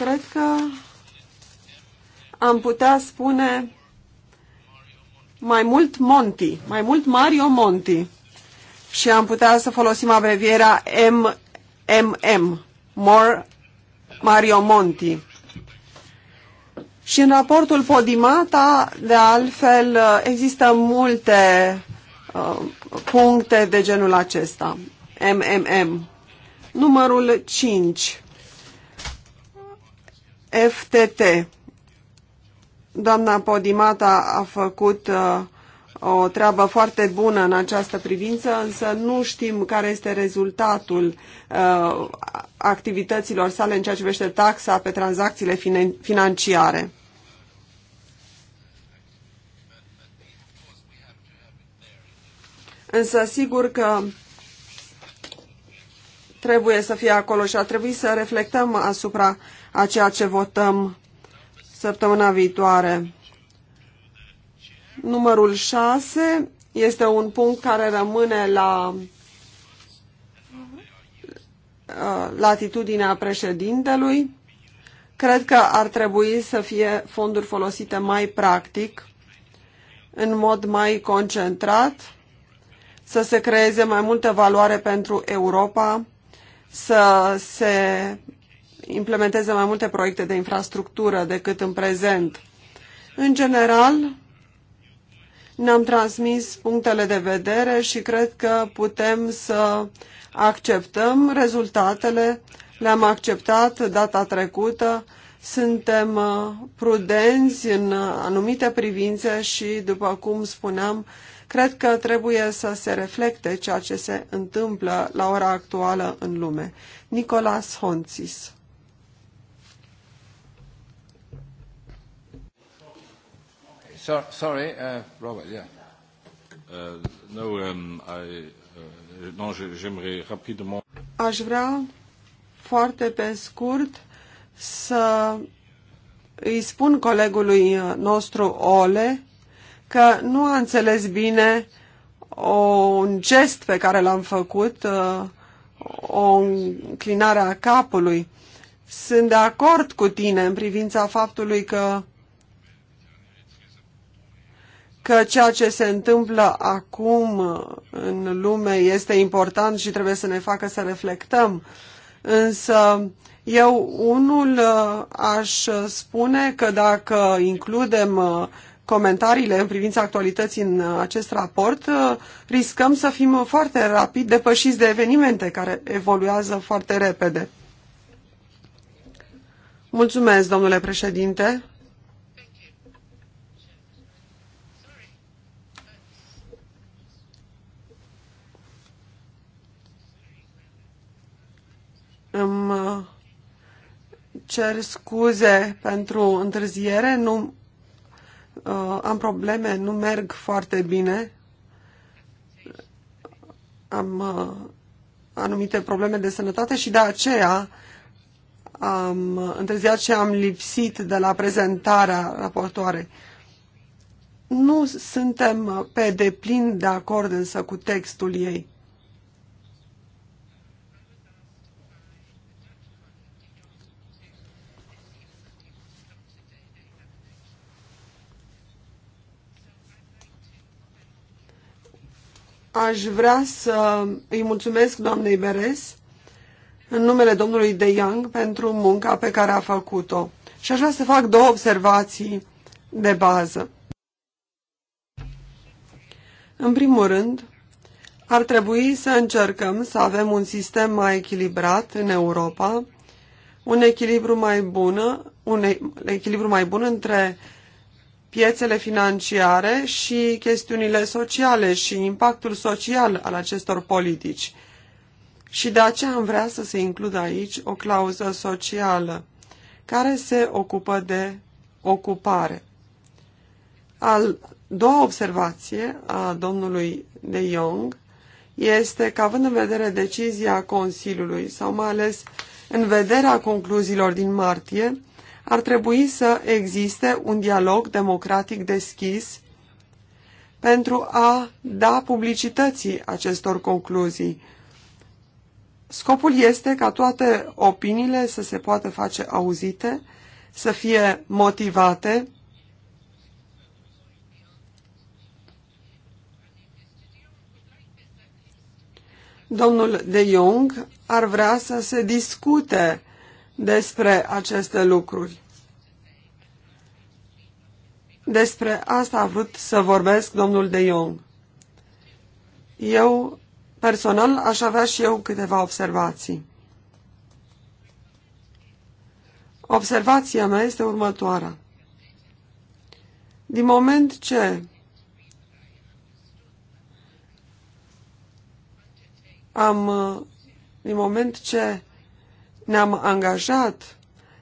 Cred că am putea spune mai mult Monti, mai mult Mario Monti și am putea să folosim abrevierea MMM, More Mario Monti. Și în raportul Podimata, de altfel, există multe uh, puncte de genul acesta, MMM. Numărul 5. FTT. Doamna Podimata a făcut uh, o treabă foarte bună în această privință, însă nu știm care este rezultatul uh, activităților sale în ceea ce vește taxa pe tranzacțiile financiare. Însă sigur că trebuie să fie acolo și ar trebui să reflectăm asupra a ceea ce votăm săptămâna viitoare. Numărul 6 este un punct care rămâne la uh, latitudinea președintelui. Cred că ar trebui să fie fonduri folosite mai practic, în mod mai concentrat, să se creeze mai multă valoare pentru Europa, să se implementeze mai multe proiecte de infrastructură decât în prezent. În general, ne-am transmis punctele de vedere și cred că putem să acceptăm rezultatele. Le-am acceptat data trecută. Suntem uh, prudenți în anumite privințe și, după cum spuneam, cred că trebuie să se reflecte ceea ce se întâmplă la ora actuală în lume. Nicolas Honțis So, sorry, uh, Robert, yeah. Uh, no, um, I, uh, non, rapidement... Aș vrea foarte pe scurt să îi spun colegului nostru Ole că nu a înțeles bine o, un gest pe care l-am făcut, uh, o înclinare a capului. Sunt de acord cu tine în privința faptului că că ceea ce se întâmplă acum în lume este important și trebuie să ne facă să reflectăm. Însă eu unul uh, aș spune că dacă includem uh, comentariile în privința actualității în acest raport, uh, riscăm să fim foarte rapid depășiți de evenimente care evoluează foarte repede. Mulțumesc, domnule președinte. cer scuze pentru întârziere, nu uh, am probleme, nu merg foarte bine. Am uh, anumite probleme de sănătate și de aceea am întârziat și am lipsit de la prezentarea raportoarei. Nu suntem pe deplin de acord însă cu textul ei. aș vrea să îi mulțumesc doamnei Beres în numele domnului De Young pentru munca pe care a făcut-o. Și aș vrea să fac două observații de bază. În primul rând, ar trebui să încercăm să avem un sistem mai echilibrat în Europa, un echilibru mai bun, un echilibru mai bun între piețele financiare și chestiunile sociale și impactul social al acestor politici. Și de aceea am vrea să se includă aici o clauză socială care se ocupă de ocupare. Al doua observație a domnului de Jong este că, având în vedere decizia Consiliului, sau mai ales în vederea concluziilor din martie, ar trebui să existe un dialog democratic deschis pentru a da publicității acestor concluzii. Scopul este ca toate opiniile să se poată face auzite, să fie motivate, Domnul de Jong ar vrea să se discute despre aceste lucruri. Despre asta a vrut să vorbesc domnul de Jong. Eu, personal, aș avea și eu câteva observații. Observația mea este următoarea. Din moment ce am, din moment ce ne-am angajat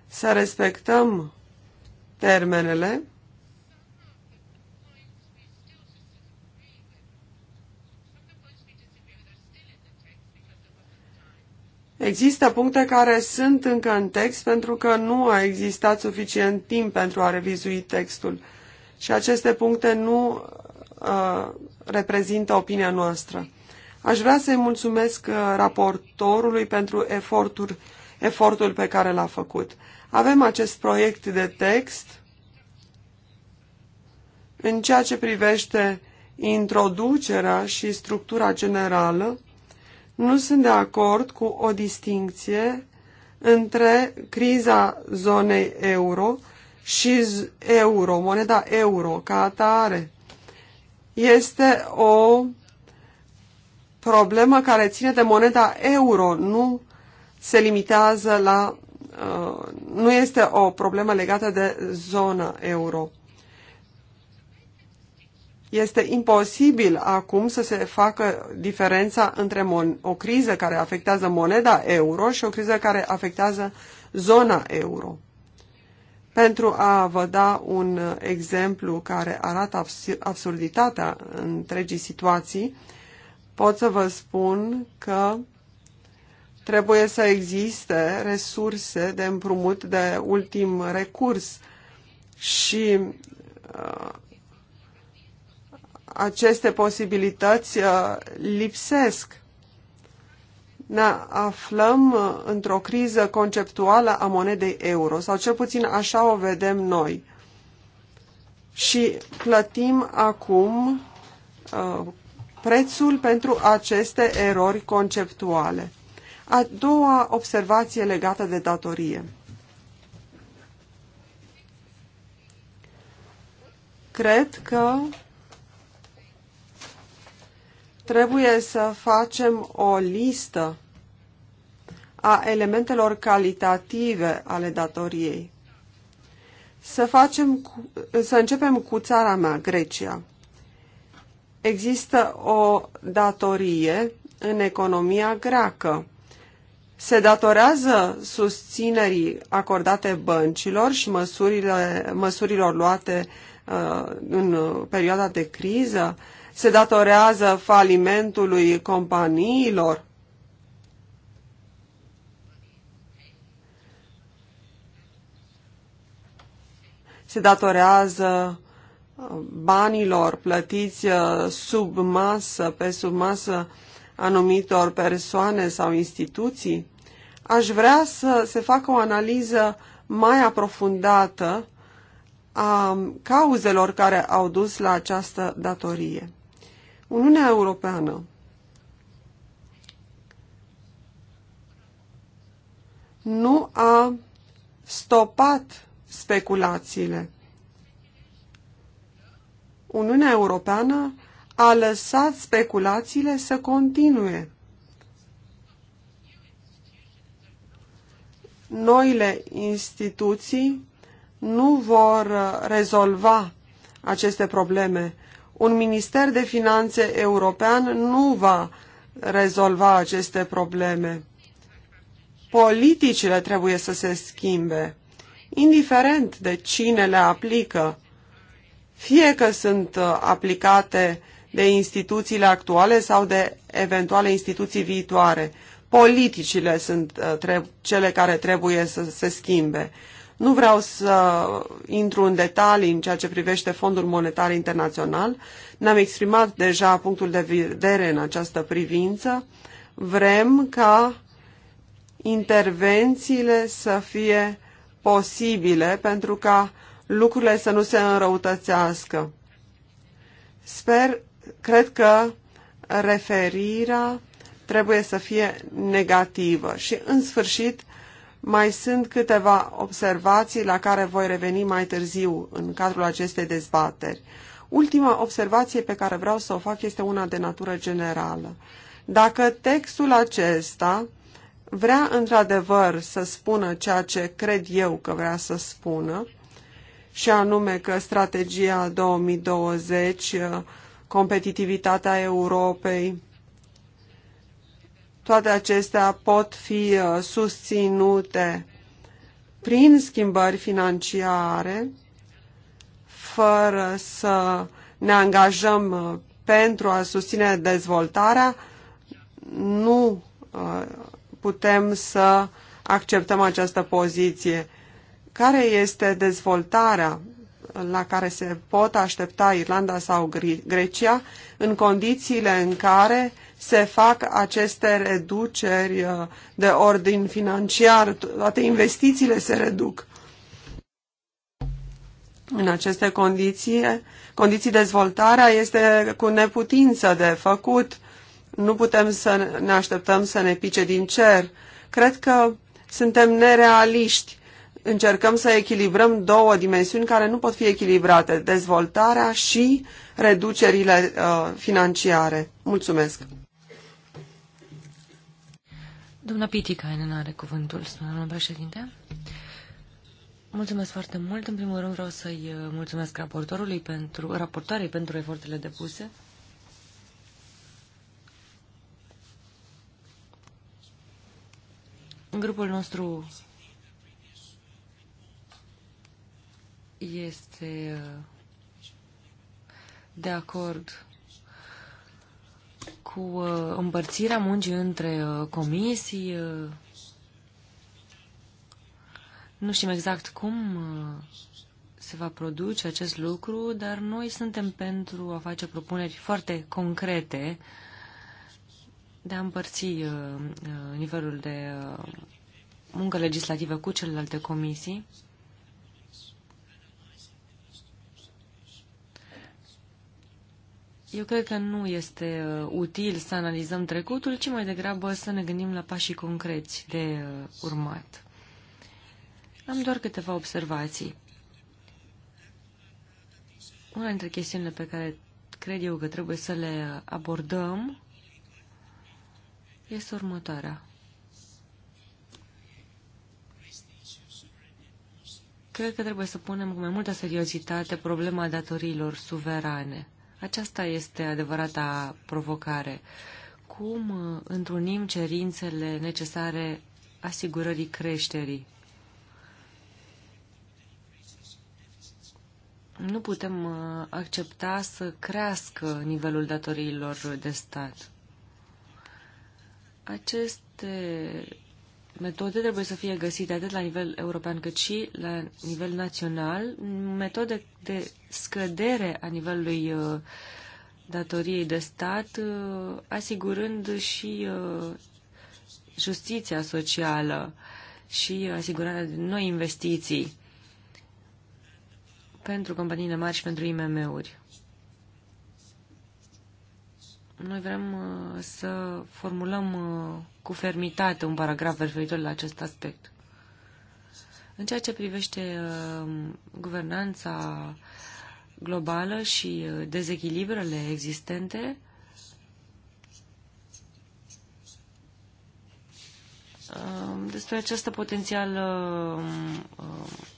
să respectăm termenele, Există puncte care sunt încă în text pentru că nu a existat suficient timp pentru a revizui textul și aceste puncte nu uh, reprezintă opinia noastră. Aș vrea să-i mulțumesc uh, raportorului pentru eforturi efortul pe care l-a făcut. Avem acest proiect de text în ceea ce privește introducerea și structura generală, nu sunt de acord cu o distinție între criza zonei euro și euro, moneda euro ca atare. Este o problemă care ține de moneda euro, nu se limitează la... Uh, nu este o problemă legată de zona euro. Este imposibil acum să se facă diferența între o criză care afectează moneda euro și o criză care afectează zona euro. Pentru a vă da un exemplu care arată absurditatea întregii situații, pot să vă spun că Trebuie să existe resurse de împrumut de ultim recurs și uh, aceste posibilități uh, lipsesc. Ne aflăm uh, într-o criză conceptuală a monedei euro, sau cel puțin așa o vedem noi. Și plătim acum uh, prețul pentru aceste erori conceptuale. A doua observație legată de datorie. Cred că trebuie să facem o listă a elementelor calitative ale datoriei. Să, facem, cu, să începem cu țara mea, Grecia. Există o datorie în economia greacă se datorează susținerii acordate băncilor și măsurilor luate uh, în uh, perioada de criză? Se datorează falimentului companiilor? Se datorează uh, banilor plătiți uh, sub masă, pe sub masă, uh, anumitor persoane sau instituții, aș vrea să se facă o analiză mai aprofundată a cauzelor care au dus la această datorie. Uniunea Europeană nu a stopat speculațiile. Uniunea Europeană a lăsat speculațiile să continue. Noile instituții nu vor rezolva aceste probleme. Un minister de finanțe european nu va rezolva aceste probleme. Politicile trebuie să se schimbe, indiferent de cine le aplică, fie că sunt aplicate de instituțiile actuale sau de eventuale instituții viitoare. Politicile sunt uh, cele care trebuie să se schimbe. Nu vreau să intru în detalii în ceea ce privește Fondul Monetar Internațional. Ne-am exprimat deja punctul de vedere în această privință. Vrem ca intervențiile să fie posibile pentru ca lucrurile să nu se înrăutățească. Sper cred că referirea trebuie să fie negativă. Și, în sfârșit, mai sunt câteva observații la care voi reveni mai târziu în cadrul acestei dezbateri. Ultima observație pe care vreau să o fac este una de natură generală. Dacă textul acesta vrea într-adevăr să spună ceea ce cred eu că vrea să spună, și anume că strategia 2020 competitivitatea Europei. Toate acestea pot fi uh, susținute prin schimbări financiare, fără să ne angajăm uh, pentru a susține dezvoltarea, nu uh, putem să acceptăm această poziție. Care este dezvoltarea la care se pot aștepta Irlanda sau Grecia în condițiile în care se fac aceste reduceri uh, de ordin financiar, toate investițiile se reduc. În aceste condiții, condiții dezvoltarea este cu neputință de făcut. Nu putem să ne așteptăm să ne pice din cer. Cred că suntem nerealiști încercăm să echilibrăm două dimensiuni care nu pot fi echilibrate, dezvoltarea și reducerile uh, financiare. Mulțumesc! Doamna nu are cuvântul, spune domnul președinte. Mulțumesc foarte mult. În primul rând vreau să-i uh, mulțumesc raportorului pentru, raportoarei pentru eforturile depuse. Grupul nostru este uh, de acord cu uh, împărțirea muncii între uh, comisii. Nu știm exact cum se va produce acest lucru, dar noi suntem pentru a face propuneri foarte concrete de a împărți nivelul de muncă legislativă cu celelalte comisii. Eu cred că nu este uh, util să analizăm trecutul, ci mai degrabă să ne gândim la pașii concreți de uh, urmat. Am doar câteva observații. Una dintre chestiunile pe care cred eu că trebuie să le abordăm este următoarea. Cred că trebuie să punem cu mai multă seriozitate problema datoriilor suverane. Aceasta este adevărata provocare. Cum uh, întrunim cerințele necesare asigurării creșterii? Nu putem uh, accepta să crească nivelul datoriilor de stat. Aceste metode trebuie să fie găsite atât la nivel european cât și la nivel național, metode de scădere a nivelului uh, datoriei de stat, uh, asigurând și uh, justiția socială și asigurarea de noi investiții pentru companiile mari și pentru IMM-uri. Noi vrem uh, să formulăm uh, cu fermitate un paragraf referitor la acest aspect. În ceea ce privește uh, guvernanța globală și dezechilibrele existente, despre această potențială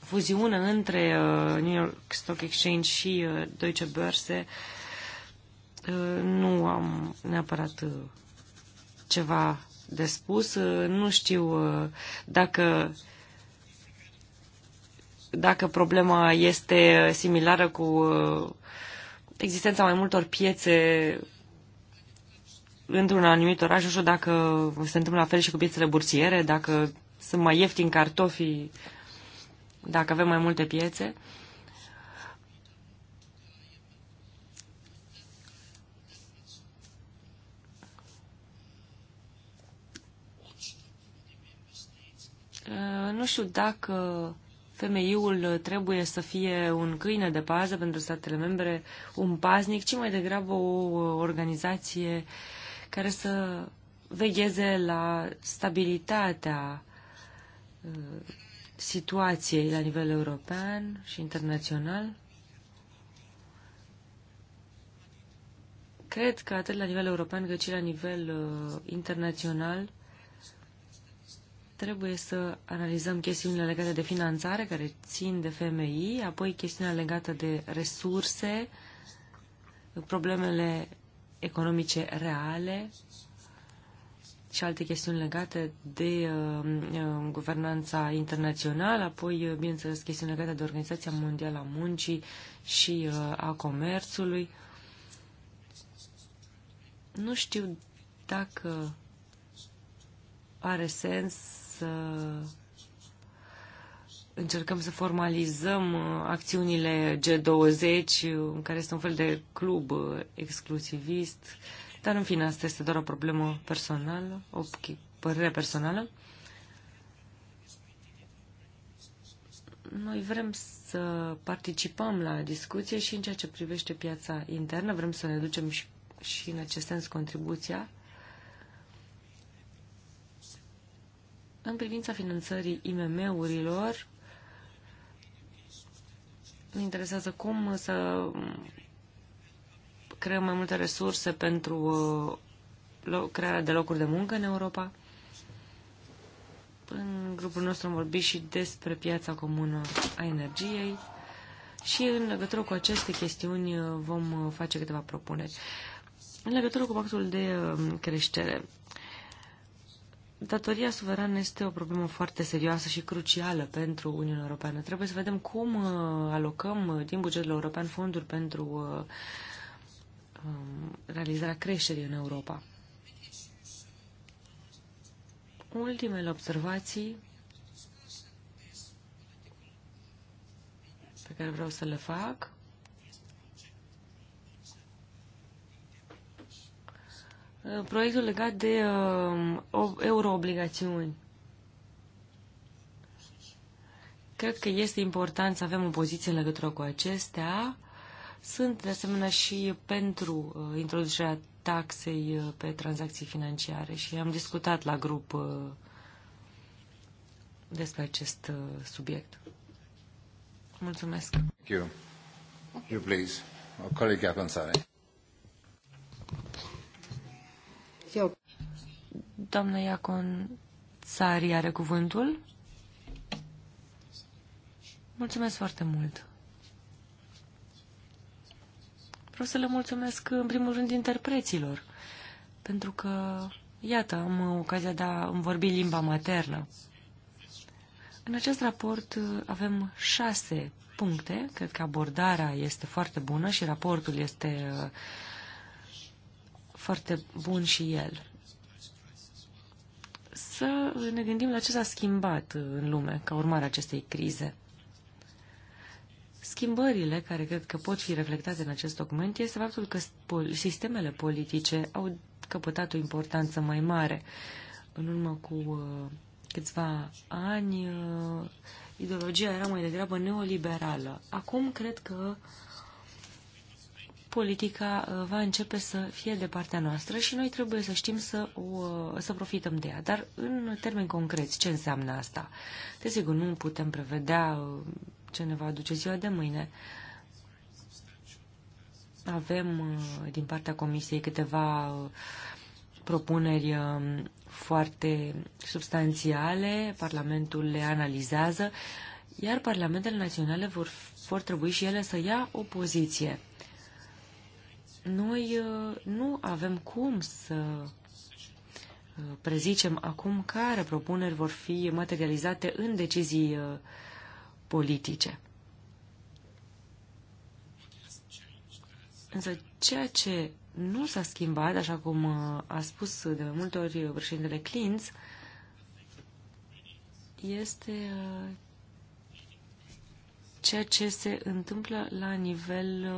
fuziune între New York Stock Exchange și Deutsche Börse, Uh, nu am neapărat uh, ceva de spus. Uh, nu știu dacă dacă problema este similară cu existența mai multor piețe într-un anumit oraș, nu știu dacă se întâmplă la fel și cu piețele bursiere, dacă sunt mai ieftini cartofii, dacă avem mai multe piețe. Uh, Uh, nu știu dacă femeiul trebuie să fie un câine de pază pentru statele membre, un paznic, ci mai degrabă o organizație care să vegheze la stabilitatea uh, situației la nivel european și internațional. Cred că atât la nivel european cât și la nivel uh, internațional Trebuie să analizăm chestiunile legate de finanțare, care țin de FMI, apoi chestiunea legată de resurse, problemele economice reale și alte chestiuni legate de uh, guvernanța internațională, apoi, uh, bineînțeles, chestiuni legate de Organizația Mondială a Muncii și uh, a Comerțului. Nu știu dacă are sens să încercăm să formalizăm uh, acțiunile G20, uh, în care este un fel de club uh, exclusivist, dar în fine, asta este doar o problemă personală, o părere personală. Noi vrem să participăm la discuție și în ceea ce privește piața internă, vrem să ne ducem și, și în acest sens contribuția În privința finanțării IMM-urilor, ne interesează cum să creăm mai multe resurse pentru uh, crearea de locuri de muncă în Europa. În grupul nostru am vorbit și despre piața comună a energiei și în legătură cu aceste chestiuni uh, vom uh, face câteva propuneri. În legătură cu pactul de creștere, Datoria suverană este o problemă foarte serioasă și crucială pentru Uniunea Europeană. Trebuie să vedem cum uh, alocăm uh, din bugetul european fonduri pentru uh, um, realizarea creșterii în Europa. Ultimele observații pe care vreau să le fac Uh, proiectul legat de uh, euroobligațiuni. Cred că este important să avem o poziție în legătură cu acestea. Sunt de asemenea și pentru uh, introducerea taxei uh, pe tranzacții financiare și am discutat la grup uh, despre acest uh, subiect. Mulțumesc. Thank you. You please. O colega Doamna Iacon Țari are cuvântul. Mulțumesc foarte mult. Vreau să le mulțumesc în primul rând interpreților, pentru că, iată, am ocazia de a îmi vorbi limba maternă. În acest raport uh, avem șase puncte. Cred că abordarea este foarte bună și raportul este uh, foarte bun și el să ne gândim la ce s-a schimbat în lume ca urmare a acestei crize. Schimbările care cred că pot fi reflectate în acest document este faptul că sistemele politice au căpătat o importanță mai mare. În urmă cu uh, câțiva ani, uh, ideologia era mai degrabă neoliberală. Acum cred că uh, politica uh, va începe să fie de partea noastră și noi trebuie să știm să, o, uh, să profităm de ea. Dar în termeni concreți, ce înseamnă asta? Desigur, nu putem prevedea uh, ce ne va aduce ziua de mâine. Avem din partea Comisiei câteva propuneri um, foarte substanțiale, Parlamentul le analizează, iar Parlamentele Naționale vor, vor trebui și ele să ia o poziție noi uh, nu avem cum să uh, prezicem acum care propuneri vor fi materializate în decizii uh, politice. Însă ceea ce nu s-a schimbat, așa cum a spus de mai multe ori președintele Clintz, este ceea ce se întâmplă la nivel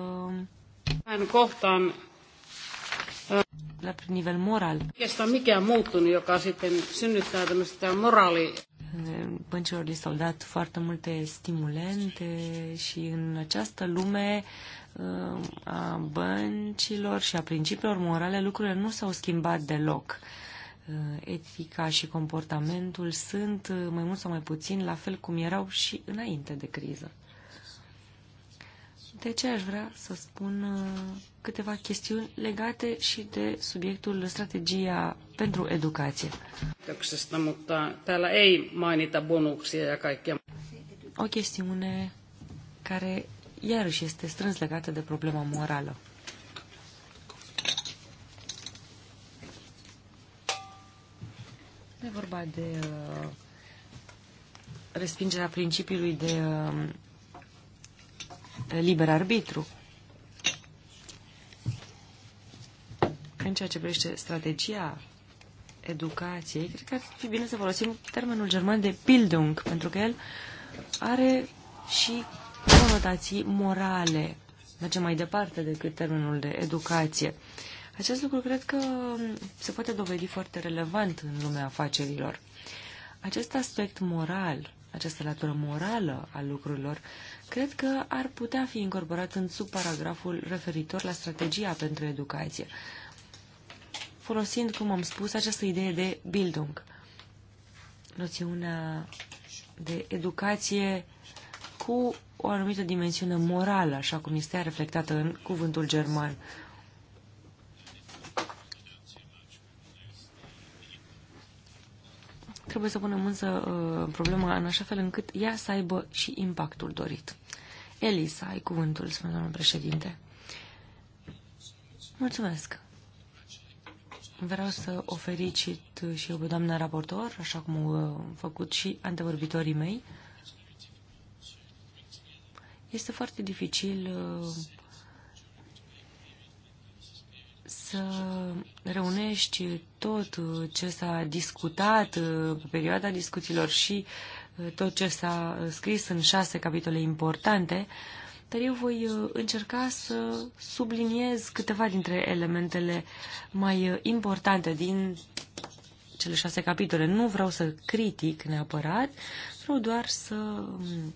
la nivel moral. Oikeastaan mikään muuttunut, joka sitten synnyttää tämmöistä moraali... Băncilor li s-au dat foarte multe stimulente și în această lume uh, a băncilor și a principiilor morale lucrurile nu s-au schimbat deloc uh, etica și comportamentul sunt uh, mai mult sau mai puțin la fel cum erau și înainte de criză. De ce aș vrea să spun uh, câteva chestiuni legate și de subiectul strategia pentru educație. ei O chestiune care iarăși este strâns legată de problema morală. E vorba de uh, respingerea principiului de uh, liber arbitru. În ceea ce privește strategia educației, cred că ar fi bine să folosim termenul german de Bildung, pentru că el are și conotații morale. Merge mai departe decât termenul de educație. Acest lucru cred că se poate dovedi foarte relevant în lumea afacerilor. Acest aspect moral această latură morală a lucrurilor, cred că ar putea fi incorporat în subparagraful referitor la strategia pentru educație, folosind, cum am spus, această idee de Bildung, noțiunea de educație cu o anumită dimensiune morală, așa cum este reflectată în cuvântul german. Trebuie să punem însă uh, problema în așa fel încât ea să aibă și impactul dorit. Elisa, ai cuvântul, spune domnul președinte. Mulțumesc. Vreau să o fericit și eu pe doamna raportor, așa cum au uh, făcut și antevorbitorii mei. Este foarte dificil uh, să reunești tot uh, ce s-a discutat uh, pe perioada discuțiilor și uh, tot ce s-a scris în șase capitole importante, dar eu voi încerca să subliniez câteva dintre elementele mai importante din cele șase capitole. Nu vreau să critic neapărat, vreau doar să mm,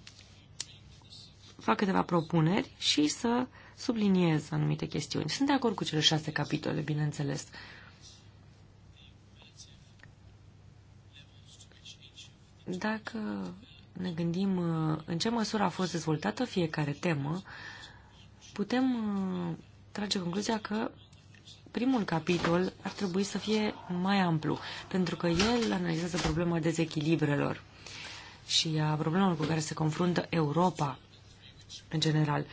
fac câteva propuneri și să subliniez anumite chestiuni. Sunt de acord cu cele șase capitole, bineînțeles. Dacă ne gândim uh, în ce măsură a fost dezvoltată fiecare temă, putem uh, trage concluzia că primul capitol ar trebui să fie mai amplu, pentru că el analizează problema dezechilibrelor și a problemelor cu care se confruntă Europa în general.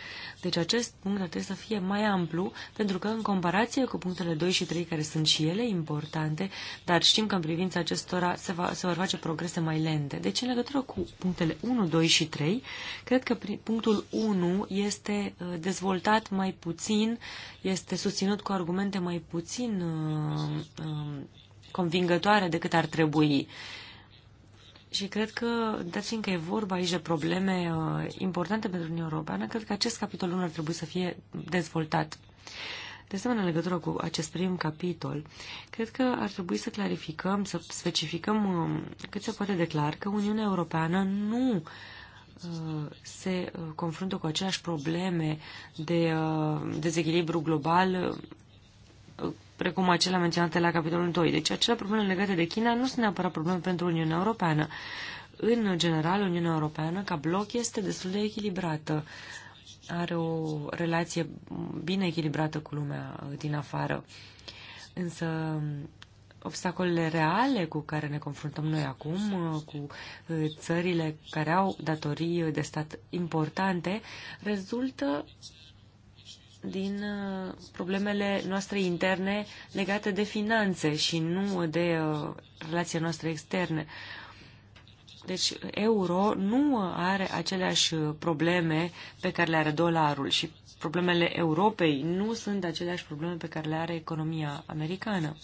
Deci acest punct trebuie trebui să fie mai amplu, pentru că în comparație cu punctele 2 și 3, care sunt și ele importante, dar știm că în privința acestora se, va, se vor face progrese mai lente. Deci în legătură cu punctele 1, 2 și 3, cred că punctul 1 este uh, dezvoltat mai puțin, este susținut cu argumente mai puțin uh, uh, convingătoare decât ar trebui. Uh, și cred că, dat fiindcă e vorba aici de probleme uh, importante pentru Uniunea Europeană, cred că acest capitol nu ar trebui să fie dezvoltat. De asemenea, în legătură cu acest prim capitol, cred că ar trebui să clarificăm, să specificăm uh, cât se poate declar că Uniunea Europeană nu uh, se uh, confruntă cu aceleași probleme de uh, dezechilibru global uh, precum acelea menționate la capitolul 2. Deci acele probleme legate de China nu sunt neapărat probleme pentru Uniunea Europeană. În general, Uniunea Europeană, ca bloc, este destul de echilibrată. Are o relație bine echilibrată cu lumea din afară. Însă, obstacolele reale cu care ne confruntăm noi acum, cu uh, țările care au datorii de stat importante, rezultă din uh, problemele noastre interne legate de finanțe și nu de uh, relația noastre externe. Deci euro nu are aceleași uh, probleme pe care le are dolarul și problemele Europei nu sunt aceleași probleme pe care le are economia americană. Uh,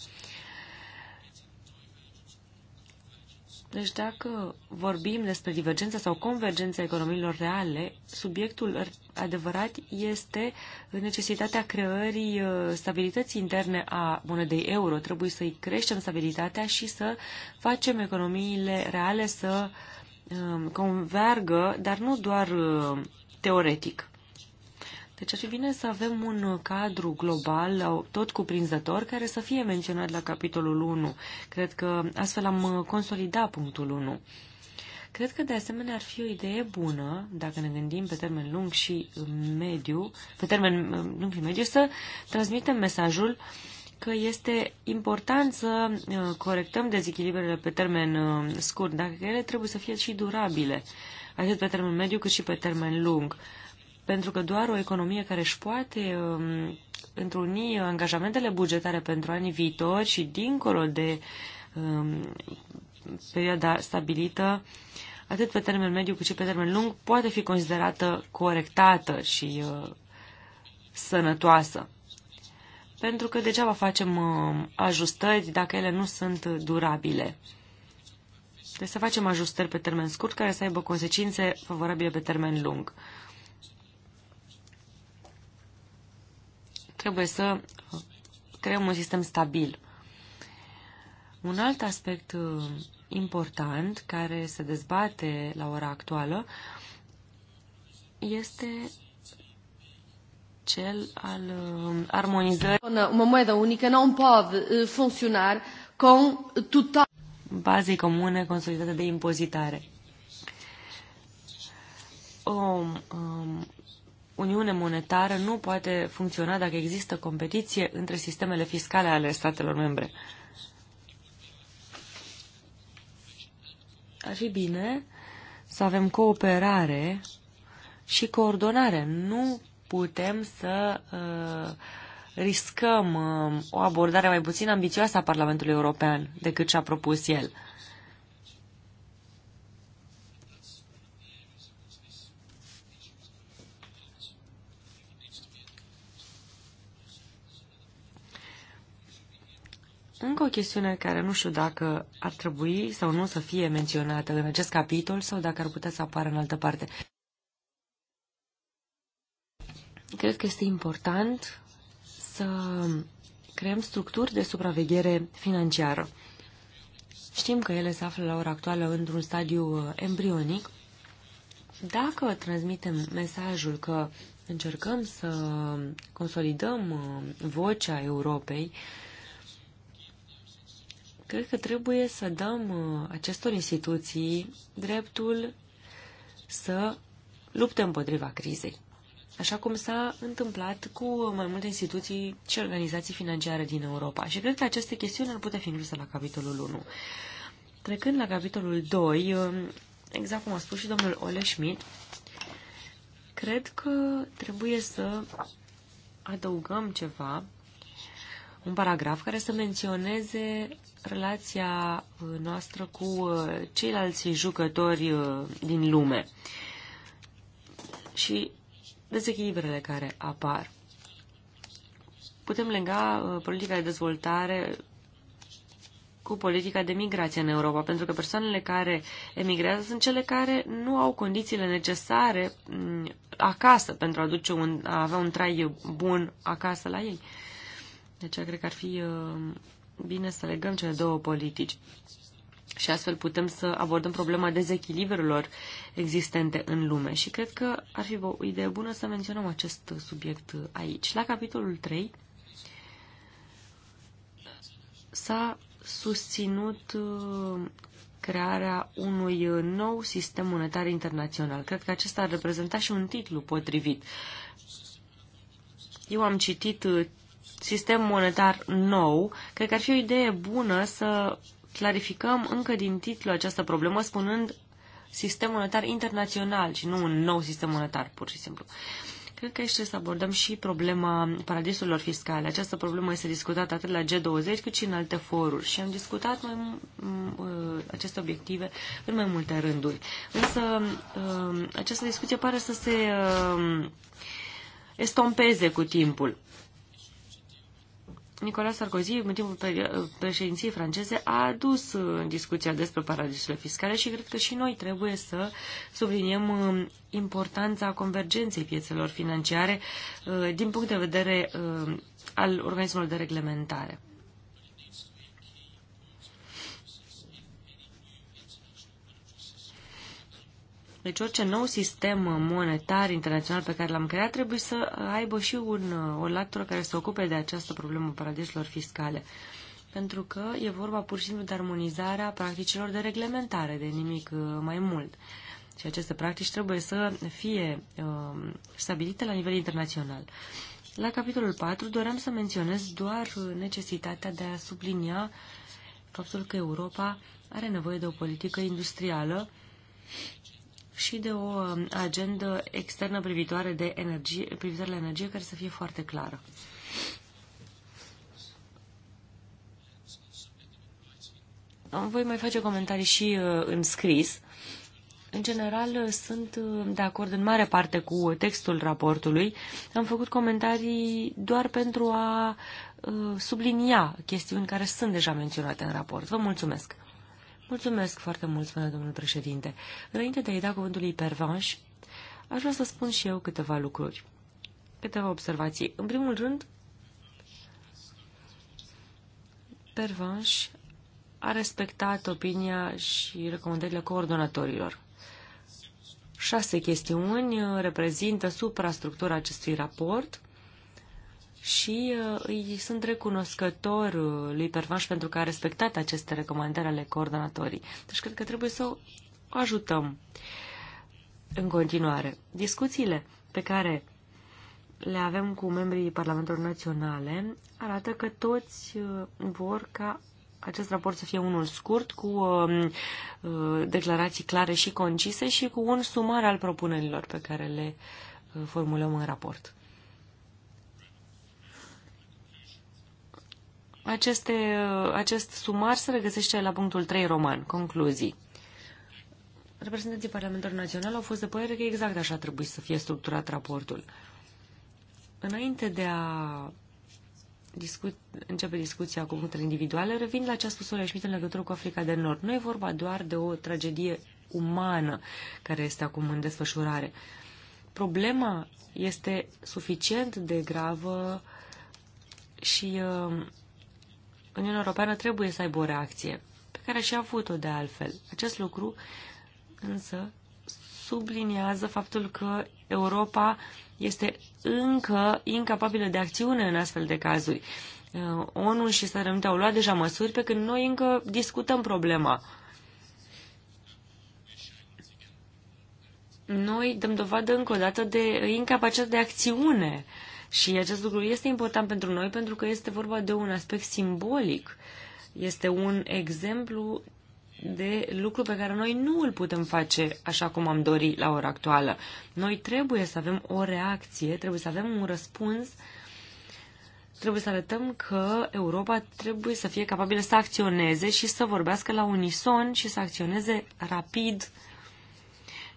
Deci dacă vorbim despre divergența sau convergența economiilor reale, subiectul adevărat este necesitatea creării uh, stabilității interne a monedei euro. Trebuie să-i creștem stabilitatea și să facem economiile reale să um, convergă, dar nu doar uh, teoretic. Deci ar fi bine să avem un cadru global, tot cuprinzător, care să fie menționat la capitolul 1. Cred că astfel am uh, consolidat punctul 1. Cred că de asemenea ar fi o idee bună, dacă ne gândim pe termen lung și mediu, pe termen uh, lung și mediu, să transmitem mesajul că este important să uh, corectăm dezechilibrele pe termen scurt, dacă ele trebuie să fie și durabile, atât pe termen mediu cât și pe termen lung pentru că doar o economie care își poate um, întruni angajamentele bugetare pentru anii viitori și dincolo de um, perioada stabilită, atât pe termen mediu cât și pe termen lung, poate fi considerată corectată și uh, sănătoasă. Pentru că degeaba facem um, ajustări dacă ele nu sunt durabile. Deci să facem ajustări pe termen scurt care să aibă consecințe favorabile pe termen lung. trebuie să uh, creăm un sistem stabil. Un alt aspect uh, important care se dezbate la ora actuală este cel al uh, armonizării. O monedă unică nu poate funcționa cu total bazei comune consolidate de impozitare. O um, Uniune monetară nu poate funcționa dacă există competiție între sistemele fiscale ale statelor membre. Ar fi bine să avem cooperare și coordonare. Nu putem să uh, riscăm uh, o abordare mai puțin ambițioasă a Parlamentului European decât ce a propus el. Încă o chestiune care nu știu dacă ar trebui sau nu să fie menționată în acest capitol sau dacă ar putea să apară în altă parte. Cred că este important să creăm structuri de supraveghere financiară. Știm că ele se află la ora actuală într-un stadiu embrionic. Dacă transmitem mesajul că încercăm să consolidăm uh, vocea Europei, Cred că trebuie să dăm uh, acestor instituții dreptul să lupte împotriva crizei, așa cum s-a întâmplat cu mai multe instituții și organizații financiare din Europa. Și cred că aceste chestiuni ar putea fi incluse la capitolul 1. Trecând la capitolul 2, uh, exact cum a spus și domnul Ole Schmidt, cred că trebuie să adăugăm ceva un paragraf care să menționeze relația uh, noastră cu uh, ceilalți jucători uh, din lume și dezechilibrele care apar. Putem lega politica de dezvoltare cu politica de migrație în Europa, pentru că persoanele care emigrează sunt cele care nu au condițiile necesare mm, acasă pentru a, duce un, a avea un trai bun acasă la ei deci cred că ar fi uh, bine să legăm cele două politici și astfel putem să abordăm problema dezechilibrelor existente în lume. Și cred că ar fi o idee bună să menționăm acest subiect aici. La capitolul 3 s-a susținut uh, crearea unui nou sistem monetar internațional. Cred că acesta ar reprezenta și un titlu potrivit. Eu am citit uh, sistem monetar nou, cred că ar fi o idee bună să clarificăm încă din titlu această problemă, spunând sistem monetar internațional și nu un nou sistem monetar, pur și simplu. Cred că este să abordăm și problema paradisurilor fiscale. Această problemă este discutată atât la G20 cât și în alte foruri și am discutat mai, uh, aceste obiective în mai multe rânduri. Însă uh, această discuție pare să se uh, estompeze cu timpul. Nicolas Sarkozy, în timpul președinției franceze, a adus uh, în discuția despre paradisurile fiscale și cred că și noi trebuie să subliniem uh, importanța convergenței piețelor financiare uh, din punct de vedere al organismelor de reglementare. Deci orice nou sistem monetar internațional pe care l-am creat trebuie să aibă și un, o latură care se ocupe de această problemă paradisurilor fiscale. Pentru că e vorba pur și simplu de armonizarea practicilor de reglementare, de nimic uh, mai mult. Și aceste practici trebuie să fie uh, stabilite la nivel internațional. La capitolul 4 doream să menționez doar necesitatea de a sublinia faptul că Europa are nevoie de o politică industrială și de o agendă externă privitoare, de energie, privitoare la energie care să fie foarte clară. Voi mai face comentarii și uh, în scris. În general, uh, sunt uh, de acord în mare parte cu textul raportului. Am făcut comentarii doar pentru a sublinia chestiuni care sunt deja menționate în raport. Vă mulțumesc! Mulțumesc foarte mult, spune domnul președinte. Înainte de a-i da cuvântul lui Pervanș, aș vrea să spun și eu câteva lucruri, câteva observații. În primul rând, Pervanș a respectat opinia și recomandările coordonatorilor. Șase chestiuni reprezintă suprastructura acestui raport – și uh, îi sunt recunoscător uh, lui Pervanș pentru că a respectat aceste recomandări ale coordonatorii. Deci cred că trebuie să o ajutăm în continuare. Discuțiile pe care le avem cu membrii Parlamentelor Naționale arată că toți uh, vor ca acest raport să fie unul scurt, cu um, uh, declarații clare și concise și cu un sumar al propunerilor pe care le formulăm în raport. Aceste, acest sumar se regăsește la punctul 3 roman, concluzii. Reprezentanții Parlamentului Național au fost de părere că exact așa trebuie să fie structurat raportul. Înainte de a discu- începe discuția cu punctele individuale, revin la ce a spus Ola în legătură cu Africa de Nord. Nu e vorba doar de o tragedie umană care este acum în desfășurare. Problema este suficient de gravă și uh, Uniunea Europeană trebuie să aibă o reacție, pe care și-a avut-o de altfel. Acest lucru însă subliniază faptul că Europa este încă incapabilă de acțiune în astfel de cazuri. Uh, ONU și Statele Unite au luat deja măsuri pe când noi încă discutăm problema. Noi dăm dovadă încă o dată de incapacitate de acțiune uh, și acest lucru este important pentru noi pentru că este vorba de un aspect simbolic. Este un exemplu de lucru pe care noi nu îl putem face așa cum am dori la ora actuală. Noi trebuie să avem o reacție, trebuie să avem un răspuns, trebuie să arătăm că Europa trebuie să fie capabilă să acționeze și să vorbească la unison și să acționeze rapid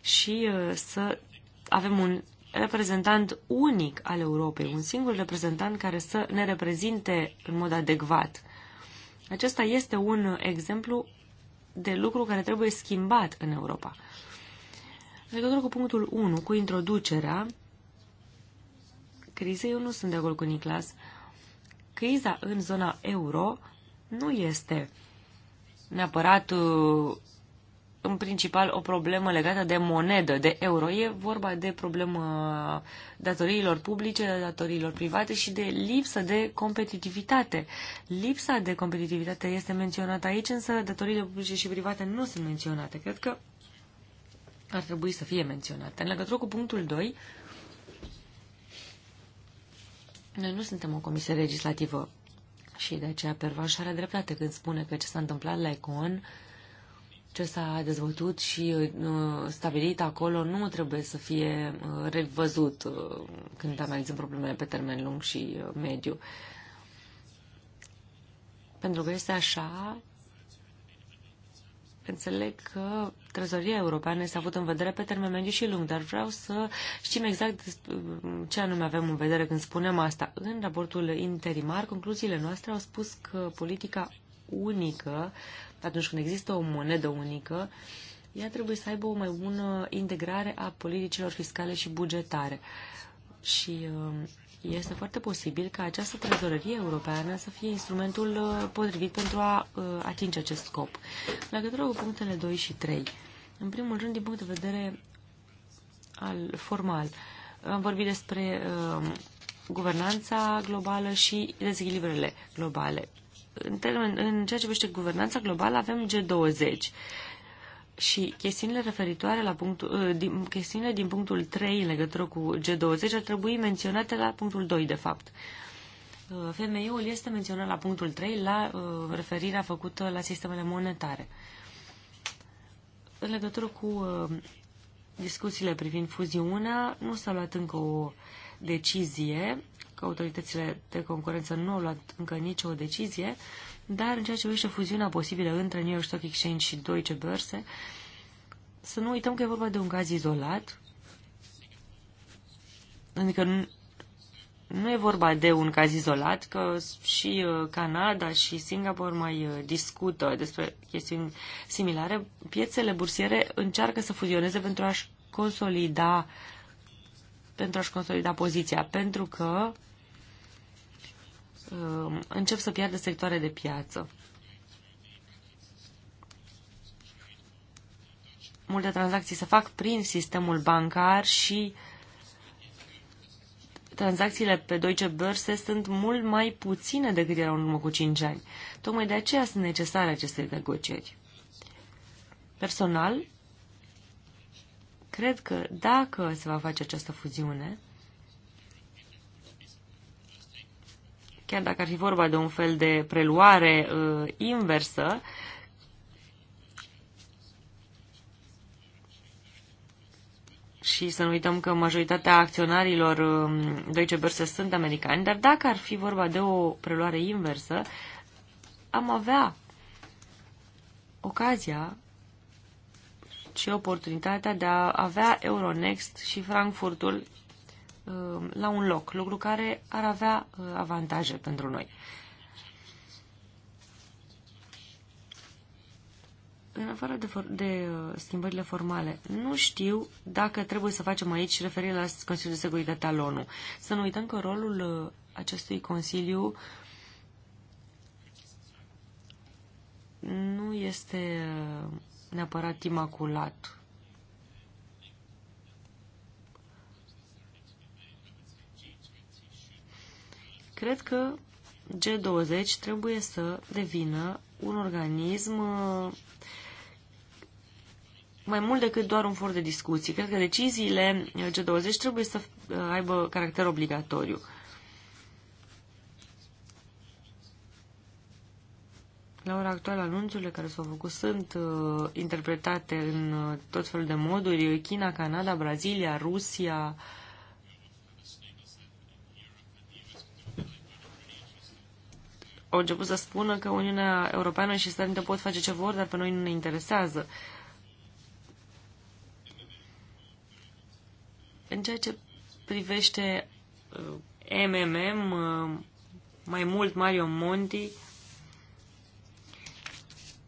și uh, să avem un reprezentant unic al Europei, un singur reprezentant care să ne reprezinte în mod adecvat. Acesta este un exemplu de lucru care trebuie schimbat în Europa. În legătură cu punctul 1, cu introducerea crizei, eu nu sunt de acord cu Niclas. Criza în zona euro nu este neapărat uh, în principal o problemă legată de monedă, de euro. E vorba de problemă datoriilor publice, datoriilor private și de lipsă de competitivitate. Lipsa de competitivitate este menționată aici, însă datoriile publice și private nu sunt menționate. Cred că ar trebui să fie menționate. În legătură cu punctul 2, noi nu suntem o comisie legislativă și de aceea Pervaș are dreptate când spune că ce s-a întâmplat la Econ uh, ce s-a dezvoltat și uh, stabilit acolo nu trebuie să fie uh, revăzut uh, când analizăm problemele pe termen lung și mediu. Pentru că este așa, înțeleg că trezoria europeană este avut în vedere pe termen mediu și lung, dar vreau să știm exact ce anume avem în vedere când spunem asta. În raportul interimar, concluziile noastre au spus că politica unică atunci când există o monedă unică, ea trebuie să aibă o mai bună integrare a politicilor fiscale și bugetare. Și uh, este foarte posibil ca această trezorerie europeană să fie instrumentul uh, potrivit pentru a uh, atinge acest scop. La legătură cu punctele 2 și 3, în primul rând, din punct de vedere al formal, am vorbit despre guvernanța globală și dezechilibrele globale în, termen, în ceea ce vește guvernanța globală, avem G20 și chestiunile referitoare la punctul, ă, din, chestiunile din punctul 3 în legătură cu G20 ar trebui menționate la punctul 2, de fapt. Ă, FMI-ul este menționat la punctul 3 la uh, referirea făcută la sistemele monetare. În legătură cu uh, discuțiile privind fuziunea, nu s-a luat încă o decizie că autoritățile de concurență nu au luat încă nicio decizie, dar în ceea ce privește fuziunea posibilă între New York Stock Exchange și Deutsche Börse, să nu uităm că e vorba de un caz izolat, adică nu, nu e vorba de un caz izolat, că și uh, Canada și Singapore mai uh, discută despre chestiuni similare. Piețele bursiere încearcă să fuzioneze pentru a-și consolida pentru a-și consolida poziția, pentru că Uh, încep să piardă sectoare de piață. Multe tranzacții se fac prin sistemul bancar și tranzacțiile pe Deutsche Börse sunt mult mai puține decât erau în urmă cu 5 ani. Tocmai de aceea sunt necesare aceste negocieri. Personal, cred că dacă se va face această fuziune, chiar dacă ar fi vorba de un fel de preluare uh, inversă, și să nu uităm că majoritatea acționarilor um, Deutsche Börse sunt americani, dar dacă ar fi vorba de o preluare inversă, am avea ocazia și oportunitatea de a avea Euronext și Frankfurtul Um, la un loc, lucru care ar avea uh, avantaje pentru noi. În afară de, for- de uh, schimbările formale, nu știu dacă trebuie să facem aici referire la Consiliul de Securitate al ONU. Să nu uităm că rolul uh, acestui Consiliu nu este neapărat imaculat Cred că G20 trebuie să devină un organism uh, mai mult decât doar un for de discuții. Cred că deciziile G20 trebuie să uh, aibă caracter obligatoriu. La ora actuală, anunțurile care s-au făcut sunt uh, interpretate în uh, tot felul de moduri. China, Canada, Brazilia, Rusia, uh, au început să spună că Uniunea Europeană și statele pot face ce vor, dar pe noi nu ne interesează. În ceea ce privește MMM, mai mult Mario Monti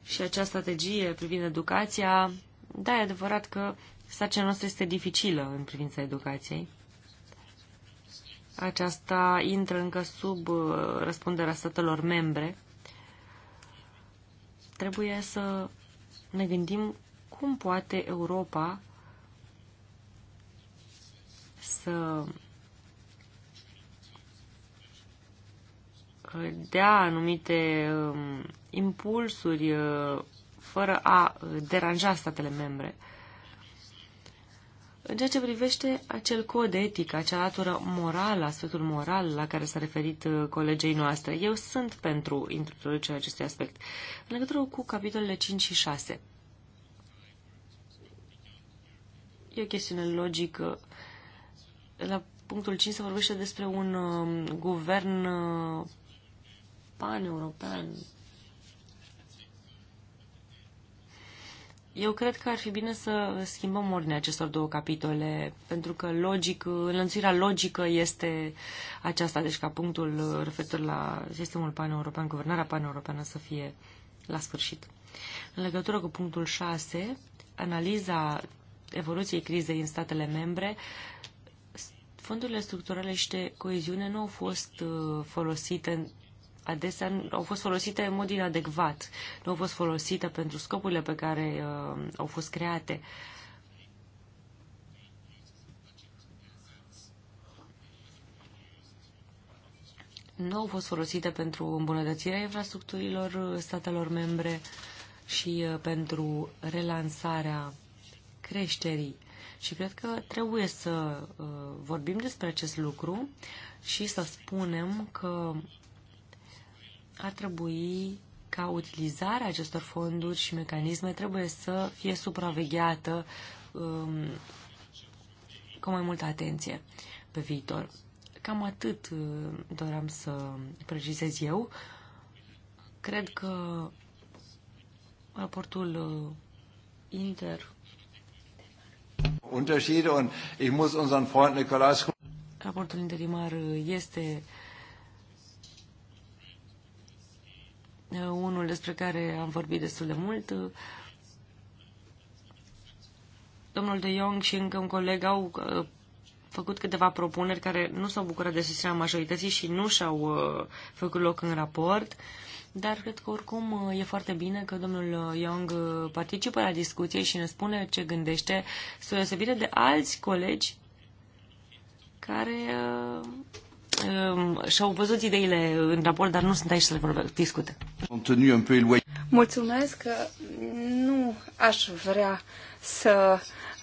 și această strategie privind educația, da, e adevărat că sarcina noastră este dificilă în privința educației. Aceasta intră încă sub uh, răspunderea statelor membre. Trebuie să ne gândim cum poate Europa să uh, dea anumite um, impulsuri uh, fără a deranja statele membre. În ceea ce privește acel cod etic, acea latură morală, aspectul moral la care s-a referit uh, colegei noastre, eu sunt pentru introducerea acestui aspect. În legătură cu capitolele 5 și 6, e o chestiune logică. La punctul 5 se vorbește despre un uh, guvern uh, pan-european, Eu cred că ar fi bine să schimbăm ordinea acestor două capitole, pentru că logic, înlănțuirea logică este aceasta, deci ca punctul referitor la sistemul pan-european, guvernarea pan-europeană să fie la sfârșit. În legătură cu punctul 6, analiza evoluției crizei în statele membre, fondurile structurale și de coeziune nu au fost uh, folosite adesea au fost folosite în mod inadecvat, nu au fost folosite pentru scopurile pe care uh, au fost create. Nu au fost folosite pentru îmbunătățirea infrastructurilor uh, statelor membre și uh, pentru relansarea creșterii. Și cred că trebuie să uh, vorbim despre acest lucru și să spunem că ar trebui ca utilizarea acestor fonduri și mecanisme trebuie să fie supravegheată um, cu mai multă atenție pe viitor. Cam atât uh, doream să precizez eu. Cred că raportul uh, inter Unterschiede und ich muss unseren Freund Nikolaus Raportul interimar uh, este Uh, unul despre care am vorbit destul de mult. Uh, domnul de Jong și încă un coleg au uh, făcut câteva propuneri care nu s-au bucurat de susținerea majorității și nu și-au făcut loc în raport, dar cred că oricum e foarte bine că domnul Young participă la discuție și ne spune ce gândește, să o de alți colegi care Ehm, și-au văzut ideile în raport, dar nu sunt aici să le discute. Mulțumesc că nu aș vrea să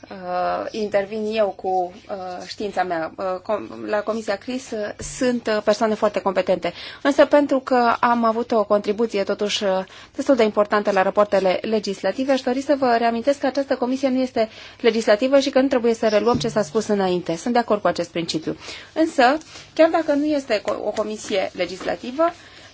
uh, intervin eu cu uh, știința mea. Uh, com- la Comisia CRIS uh, sunt uh, persoane foarte competente. Însă pentru că am avut o contribuție totuși uh, destul de importantă la rapoartele legislative, aș dori să vă reamintesc că această comisie nu este legislativă și că nu trebuie să reluăm ce s-a spus înainte. Sunt de acord cu acest principiu. Însă, chiar dacă nu este o comisie legislativă, uh,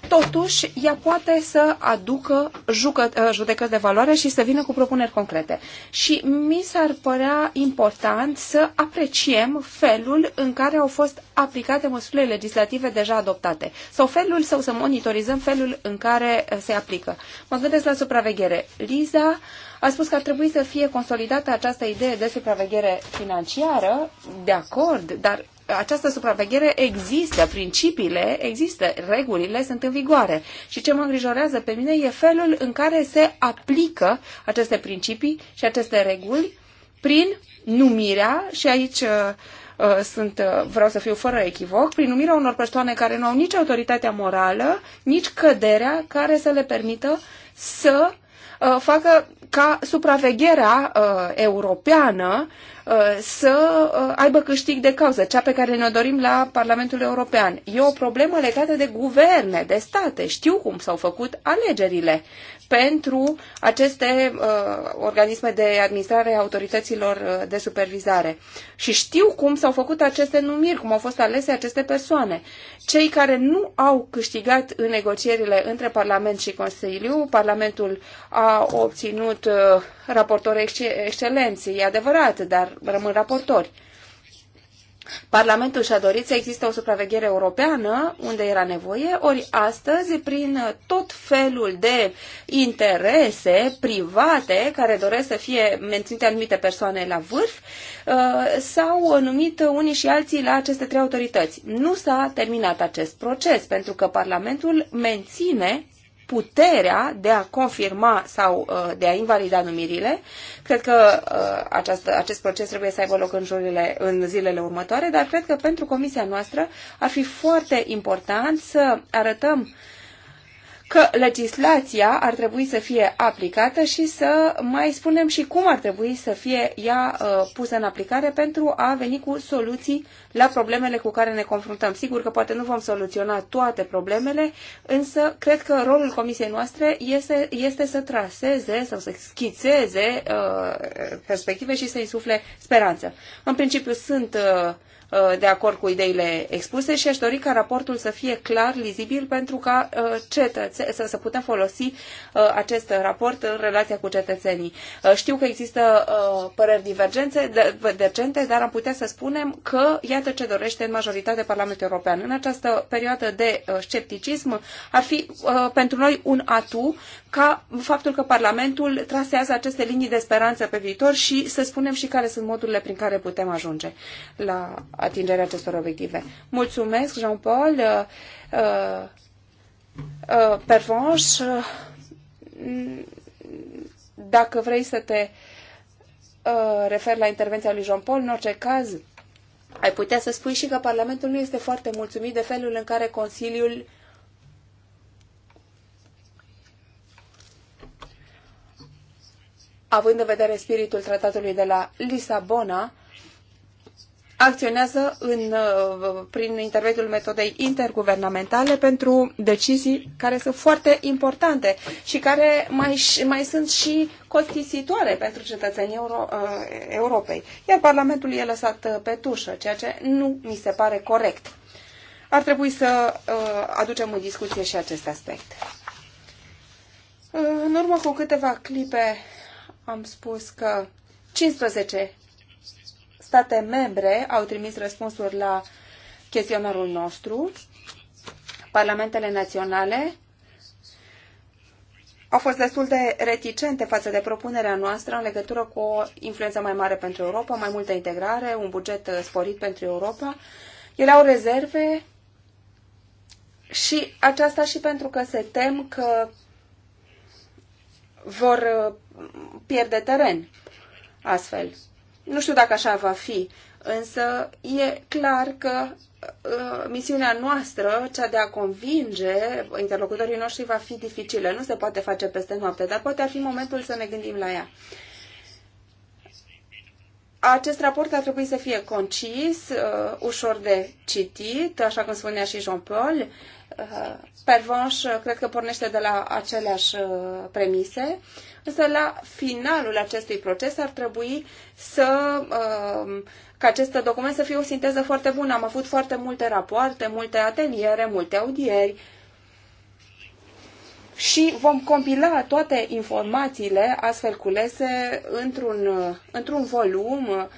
totuși ea poate să aducă jucă, ă, judecăți de valoare și să vină cu propuneri concrete. Și mi s-ar părea important să apreciem felul în care au fost aplicate măsurile legislative deja adoptate sau felul sau să monitorizăm felul în care ă, se aplică. Mă gândesc la supraveghere. Liza a spus că ar trebui să fie consolidată această idee de supraveghere financiară, de acord, dar această supraveghere există, principiile există, regulile sunt în vigoare. Și ce mă îngrijorează pe mine e felul în care se aplică aceste principii și aceste reguli prin numirea, și aici uh, uh sunt, uh, vreau să fiu fără echivoc, prin numirea unor persoane care nu au nici autoritatea morală, nici căderea care să le permită să uh, facă ca supravegherea uh, europeană uh, să uh, aibă câștig de cauză, cea pe care ne-o dorim la Parlamentul European. E o problemă legată de guverne, de state. Știu cum s-au făcut alegerile pentru aceste uh, organisme de administrare a autorităților uh, de supervizare. Și știu cum s-au făcut aceste numiri, cum au fost alese aceste persoane. Cei care nu au câștigat în negocierile între Parlament și Consiliu, Parlamentul a obținut uh, raportori excelenți, e adevărat, dar rămân raportori. Parlamentul și-a dorit să existe o supraveghere europeană unde era nevoie, ori astăzi, prin tot felul de interese private care doresc să fie menținute anumite persoane la vârf, uh, s-au numit unii și alții la aceste trei autorități. Nu s-a terminat acest proces, pentru că Parlamentul menține puterea de a confirma sau uh, de a invalida numirile. Cred că uh, această, acest proces trebuie să aibă loc în, jurile, în zilele următoare, dar cred că pentru comisia noastră ar fi foarte important să arătăm uh, că legislația ar trebui să fie aplicată și să mai spunem și cum ar trebui să fie ea uh, pusă în aplicare pentru a veni cu soluții la problemele cu care ne confruntăm. Sigur că poate nu vom soluționa toate problemele, însă cred că rolul comisiei noastre este, este să traseze sau să schițeze uh, perspective și să insufle speranță. În principiu sunt uh, Uh, de acord cu ideile expuse și aș dori ca raportul să fie clar, lizibil, pentru ca uh, cetățe- să, să putem folosi uh, acest raport în relația cu cetățenii. Știu că există păreri divergențe, divergente, dar am putea să spunem că iată ce dorește în majoritatea Parlamentului European. În această perioadă de scepticism ar fi pentru noi un atu ca faptul că Parlamentul trasează aceste linii de speranță pe viitor și să spunem și care sunt modurile prin care putem ajunge la atingerea acestor obiective. Mulțumesc, Jean-Paul. Uh, uh, uh, Pervanș, dacă vrei să te refer la intervenția lui Jean-Paul, în orice caz, ai putea să spui și că Parlamentul nu este foarte mulțumit de felul în care Consiliul având în vedere spiritul tratatului de la Lisabona, acționează în, uh, prin intermediul metodei interguvernamentale pentru decizii care sunt foarte importante și care mai, mai sunt și costisitoare pentru cetățenii Euro, uh, Europei. Iar Parlamentul e lăsat uh, pe tușă, ceea ce nu mi se pare corect. Ar trebui să aducem în discuție și acest aspect. În urmă cu câteva clipe am spus că 15 state membre au trimis răspunsuri la chestionarul nostru. Parlamentele naționale au fost destul de reticente față de propunerea noastră în legătură cu o influență mai mare pentru Europa, mai multă integrare, un buget uh, sporit pentru Europa. Ele au rezerve și aceasta și pentru că se tem că vor uh, pierde teren astfel. Nu știu dacă așa va fi, însă e clar că uh, misiunea noastră, cea de a convinge interlocutorii noștri, va fi dificilă. Nu se poate face peste noapte, dar poate ar fi momentul să ne gândim la ea. Acest raport ar trebui să fie concis, uh, ușor de citit, așa cum spunea și Jean-Paul, Uh, Pervanș uh, cred că pornește de la aceleași uh, premise, însă la finalul acestui proces ar trebui să ca acest document să fie o sinteză foarte bună. Am avut foarte multe rapoarte, multe ateliere, multe audieri și vom compila toate informațiile astfel culese într-un, într-un volum,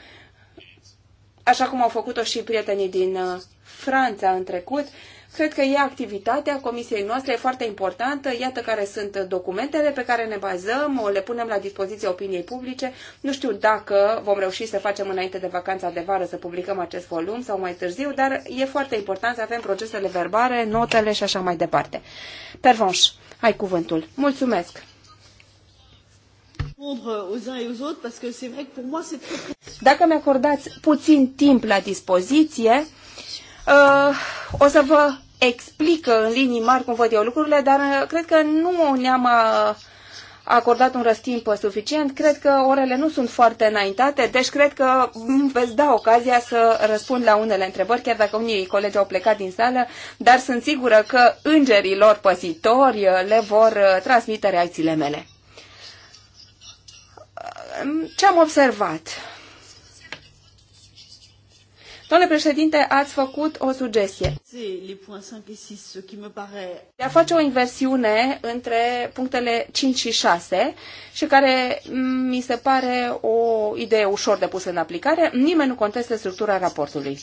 așa cum au făcut-o și prietenii din Franța în trecut, Cred că e activitatea comisiei noastre, e foarte importantă. Iată care sunt documentele pe care ne bazăm, le punem la dispoziția opiniei publice. Nu știu dacă vom reuși să facem înainte de vacanța de vară să publicăm acest volum sau mai târziu, dar e foarte important să avem procesele verbale, notele și așa mai departe. Pervanș, ai cuvântul. Mulțumesc! Dacă mi-acordați puțin timp la dispoziție, uh, o să vă explică în linii mari cum văd eu lucrurile, dar uh, cred că nu ne-am uh, acordat un răstimp suficient. Cred că orele nu sunt foarte înaintate, deci cred că veți da ocazia să răspund la unele întrebări, chiar dacă unii colegi au plecat din sală, dar sunt sigură că îngerii lor păzitori uh, le vor transmite reacțiile mele. Ce am observat? Domnule președinte, ați făcut o sugestie. De a face o inversiune între punctele 5 și 6 și care mi se pare o idee ușor de pus în aplicare, nimeni nu contestă structura raportului.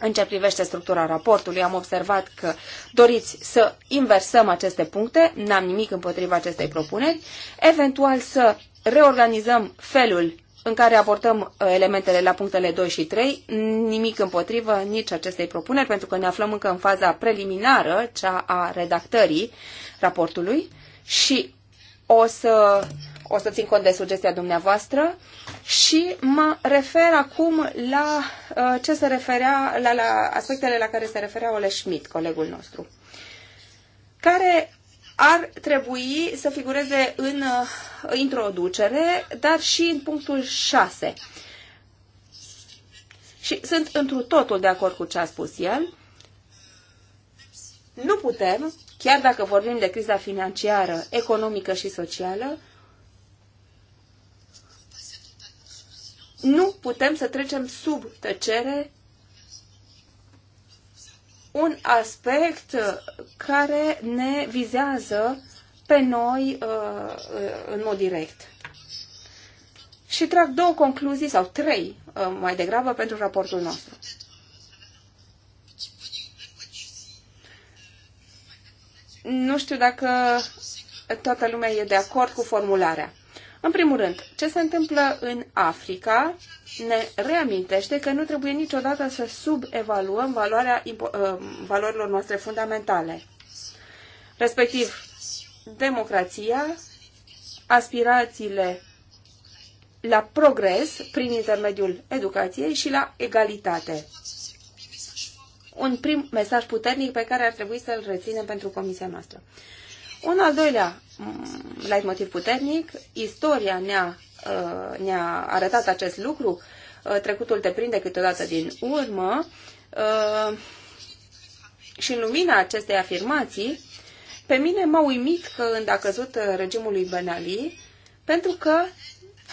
În ce privește structura raportului, am observat că doriți să inversăm aceste puncte, n-am nimic împotriva acestei propuneri, eventual să reorganizăm felul în care abordăm uh, elementele la punctele 2 și 3, nimic împotrivă nici acestei propuneri, pentru că ne aflăm încă în faza preliminară, cea a redactării raportului și o să, o să țin cont de sugestia dumneavoastră și mă refer acum la uh, ce se referea, la, la aspectele la care se referea Ole Schmidt, colegul nostru, care ar trebui să figureze în uh, introducere, dar și în punctul 6. Și sunt întru totul de acord cu ce a spus el. Nu putem, chiar dacă vorbim de criza financiară, economică și socială, nu putem să trecem sub tăcere un aspect uh, care ne vizează pe noi uh, uh, în mod direct. Și trag două concluzii, sau trei mai degrabă, pentru raportul nostru. Nu știu dacă toată lumea e de acord cu formularea. În primul rând, ce se întâmplă în Africa ne reamintește că nu trebuie niciodată să subevaluăm valoarea, ă, valorilor noastre fundamentale, respectiv democrația, aspirațiile la progres prin intermediul educației și la egalitate. Un prim mesaj puternic pe care ar trebui să-l reținem pentru comisia noastră. Un al doilea mm, light motiv puternic, istoria ne-a uh, ne-a arătat acest lucru, uh, trecutul te prinde câteodată din urmă uh, și în lumina acestei afirmații, pe mine m-a uimit când a căzut regimul lui Ben Ali, pentru că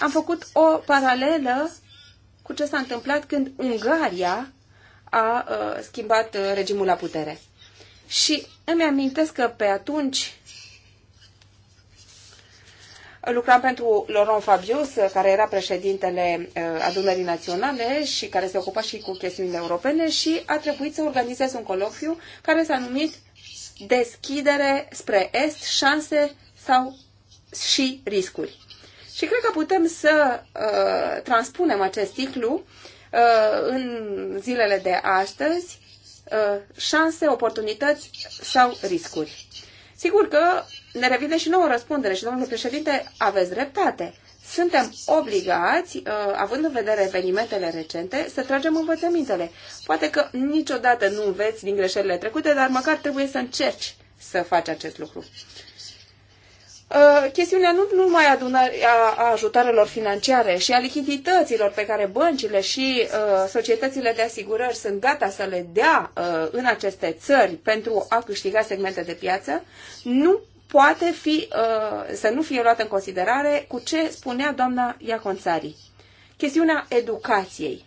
am făcut o paralelă cu ce s-a întâmplat când Ungaria a schimbat regimul la putere. Și îmi amintesc că pe atunci Lucram pentru Laurent Fabius, care era președintele uh, adunării naționale și care se ocupa și cu chestiunile europene și a trebuit să organizez un colofiu care s-a numit Deschidere spre Est, șanse sau și riscuri. Și cred că putem să uh, transpunem acest titlu uh, în zilele de astăzi, uh, șanse, oportunități sau riscuri. Sigur că ne revine și nouă răspundere și, domnule președinte, aveți dreptate. Suntem obligați, uh, având în vedere evenimentele recente, să tragem învățămintele. Poate că niciodată nu înveți din greșelile trecute, dar măcar trebuie să încerci să faci acest lucru. Uh, chestiunea nu numai adunarea a ajutarelor financiare și a lichidităților pe care băncile și uh, societățile de asigurări sunt gata să le dea în aceste țări pentru a câștiga segmente de piață, nu poate fi, uh, să nu fie luată în considerare cu ce spunea doamna Iaconțari. Chestiunea educației,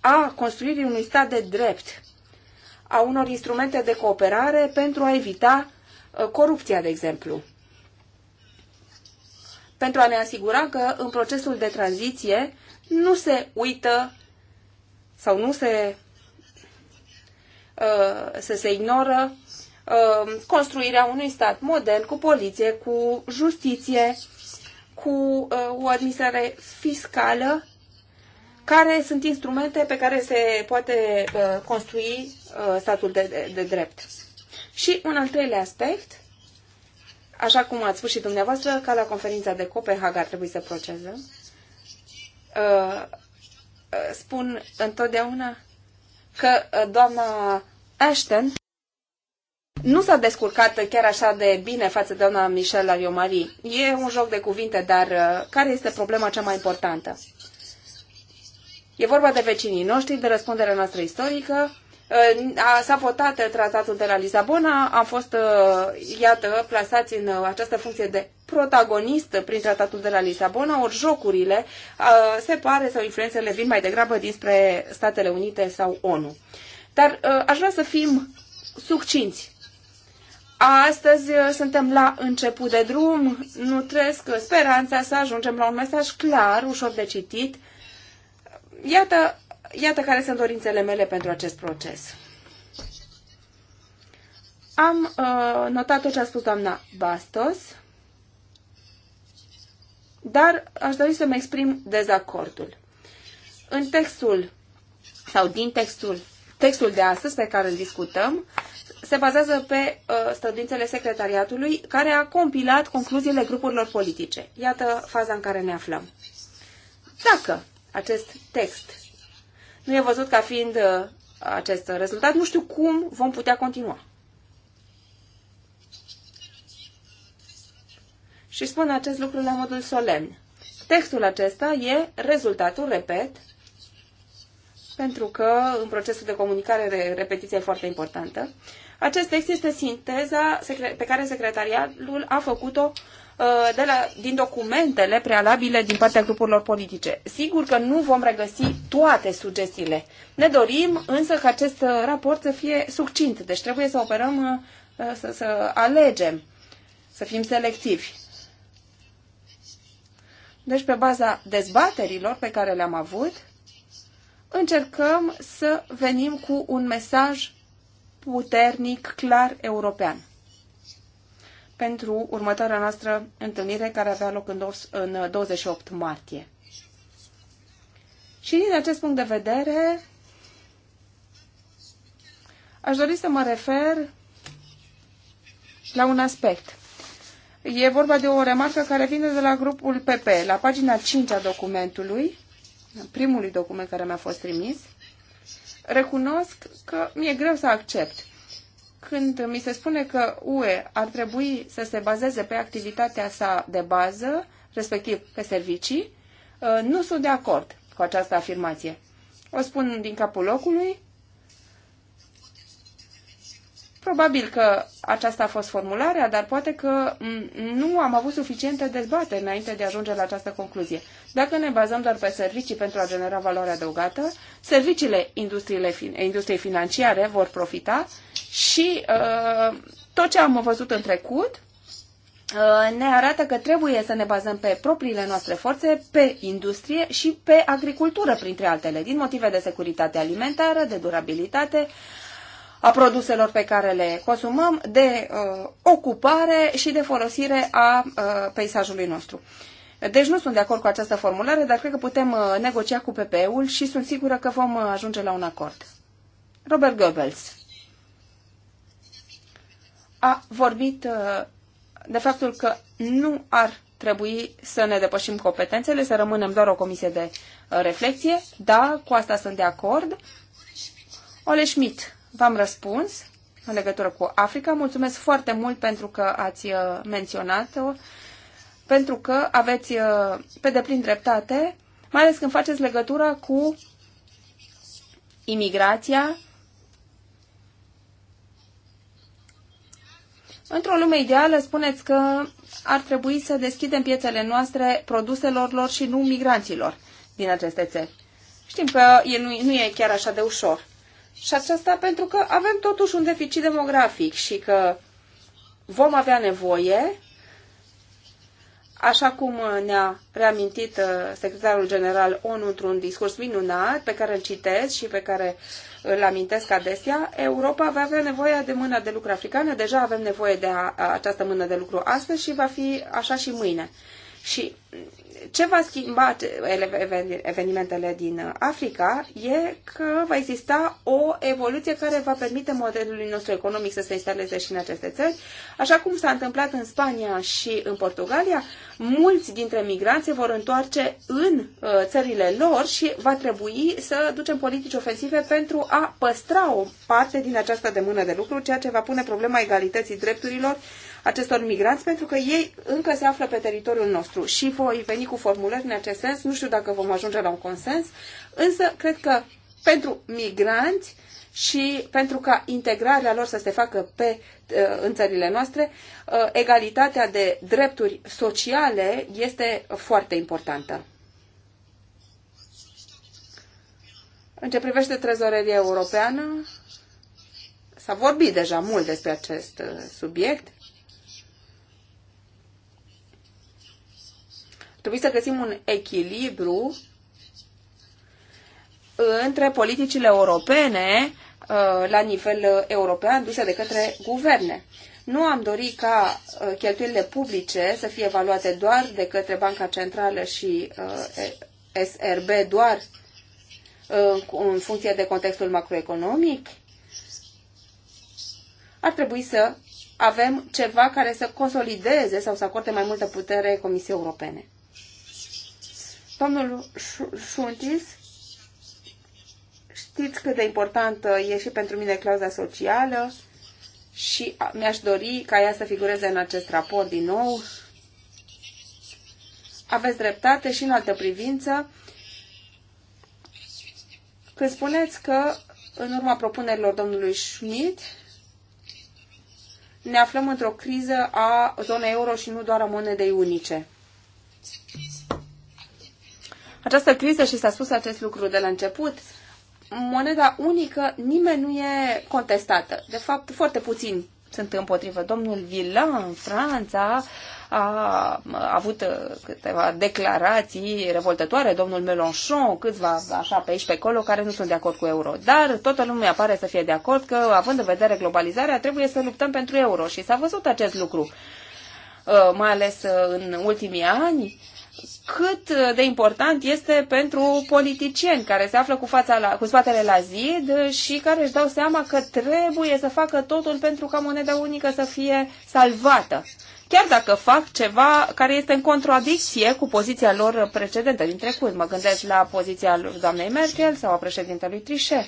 a construirii unui stat de drept, a unor instrumente de cooperare pentru a evita uh, corupția, de exemplu. Pentru a ne asigura că în procesul de tranziție nu se uită sau nu se, uh, să se ignoră Um, construirea unui stat model cu poliție, cu justiție, cu uh, o administrare fiscală, care sunt instrumente pe care se poate uh, construi uh, statul de, de drept. Și un al treilea aspect, așa cum ați spus și dumneavoastră, ca la conferința de Copenhaga ar trebui să uh, spun întotdeauna că doamna Ashton nu s-a descurcat chiar așa de bine față de doamna Michelle Ariomari. E un joc de cuvinte, dar uh, care este problema cea mai importantă? E vorba de vecinii noștri, de răspunderea noastră istorică. Uh, s-a votat tratatul de la Lisabona, am fost, uh, iată, plasați în această funcție de protagonist prin tratatul de la Lisabona, ori jocurile se pare sau influențele vin mai degrabă dinspre Statele Unite sau ONU. Dar aș vrea să fim succinți Astăzi uh, suntem la început de drum, nu trăiesc uh, speranța să ajungem la un mesaj clar, ușor de citit. Iată, iată care sunt dorințele mele pentru acest proces. Am uh, notat tot ce a spus doamna Bastos, dar aș dori să-mi exprim dezacordul. În textul, sau din textul, textul de astăzi pe care îl discutăm, se bazează pe uh, stădințele secretariatului, care a compilat concluziile grupurilor politice. Iată faza în care ne aflăm. Dacă acest text nu e văzut ca fiind uh, acest rezultat, nu știu cum vom putea continua. Și spun acest lucru la modul solemn. Textul acesta e rezultatul, repet, pentru că în procesul de comunicare repetiția e foarte importantă. Acest text este sinteza pe care secretariatul a făcut-o uh, de la, din documentele prealabile din partea grupurilor politice. Sigur că nu vom regăsi toate sugestiile. Ne dorim însă ca acest uh, raport să fie succint, deci trebuie să operăm, uh, să, să alegem, să fim selectivi. Deci pe baza dezbaterilor pe care le-am avut, încercăm să venim cu un mesaj puternic, clar european pentru următoarea noastră întâlnire care avea loc în, 28 martie. Și din acest punct de vedere, aș dori să mă refer la un aspect. E vorba de o remarcă care vine de la grupul PP, la pagina 5 a documentului, primului document care mi-a fost trimis, recunosc că mi-e greu să accept. Când mi se spune că UE ar trebui să se bazeze pe activitatea sa de bază, respectiv pe servicii, uh, nu sunt de acord cu această afirmație. O spun din capul locului Probabil că aceasta a fost formularea, dar poate că nu am avut suficiente dezbateri înainte de a ajunge la această concluzie. Dacă ne bazăm doar pe servicii pentru a genera valoare adăugată, serviciile industriei financiare vor profita și uh, tot ce am văzut în trecut uh, ne arată că trebuie să ne bazăm pe propriile noastre forțe, pe industrie și pe agricultură, printre altele, din motive de securitate alimentară, de durabilitate, a produselor pe care le consumăm, de uh, ocupare și de folosire a uh, peisajului nostru. Deci nu sunt de acord cu această formulare, dar cred că putem uh, negocia cu PP-ul și sunt sigură că vom uh, ajunge la un acord. Robert Goebbels a vorbit uh, de faptul că nu ar trebui să ne depășim competențele, să rămânem doar o comisie de uh, reflexie. Da, cu asta sunt de acord. Ole Schmidt V-am răspuns în legătură cu Africa. Mulțumesc foarte mult pentru că ați uh, menționat-o, pentru că aveți uh, pe deplin dreptate, mai ales când faceți legătura cu imigrația Într-o lume ideală, spuneți că ar trebui să deschidem piețele noastre produselor lor și nu migranților din aceste țări. Știm că e, nu, nu e chiar așa de ușor. Și aceasta pentru că avem totuși un deficit demografic și că vom avea nevoie, așa cum ne-a reamintit uh, secretarul general ONU într-un discurs minunat pe care îl citesc și pe care îl amintesc adesea, Europa va avea nevoie de mână de lucru africană, deja avem nevoie de această mână de lucru astăzi și va fi așa și mâine. Și ce va schimba evenimentele din uh, Africa e că va exista o evoluție care va permite modelului nostru economic să se instaleze și în aceste țări. Așa cum s-a întâmplat în Spania și în Portugalia, mulți dintre migranți vor întoarce în uh, țările lor și va trebui să ducem politici ofensive pentru a păstra o parte din această de mână de lucru, ceea ce va pune problema egalității drepturilor acestor migranți pentru că ei încă se află pe teritoriul nostru și voi veni cu formulări în acest sens. Nu știu dacă vom ajunge la un consens, însă cred că pentru migranți și pentru ca integrarea lor să se facă pe, uh, în țările noastre, uh, egalitatea de drepturi sociale este foarte importantă. În ce privește trezoreria europeană, s-a vorbit deja mult despre acest uh, subiect. trebui să găsim un echilibru între politicile europene uh, la nivel uh, european duse de către guverne. Nu am dorit ca uh, cheltuielile publice să fie evaluate doar de către Banca Centrală și SRB doar în funcție de contextul macroeconomic. Ar trebui să avem ceva care să consolideze sau să acorde mai multă putere Comisiei Europene. Domnul Șuntis, știți cât de importantă e și pentru mine clauza socială și mi-aș dori ca ea să figureze în acest raport din nou. Aveți dreptate și în altă privință când spuneți că în urma propunerilor domnului Schmidt ne aflăm într-o criză a zonei euro și nu doar a monedei unice această criză și s-a spus acest lucru de la început, moneda unică, nimeni nu e contestată. De fapt, foarte puțini sunt împotrivă. Domnul Villa în Franța a avut câteva declarații revoltătoare, domnul Mélenchon, câțiva așa pe aici pe acolo, care nu sunt de acord cu euro. Dar toată lumea pare să fie de acord că, având în vedere globalizarea, trebuie să luptăm pentru euro și s-a văzut acest lucru, uh, mai ales uh, în ultimii ani cât de important este pentru politicieni care se află cu, fața la, cu spatele la zid și care își dau seama că trebuie să facă totul pentru ca moneda unică să fie salvată. Chiar dacă fac ceva care este în contradicție cu poziția lor precedentă din trecut. Mă gândesc la poziția doamnei Merkel sau a președintelui Trichet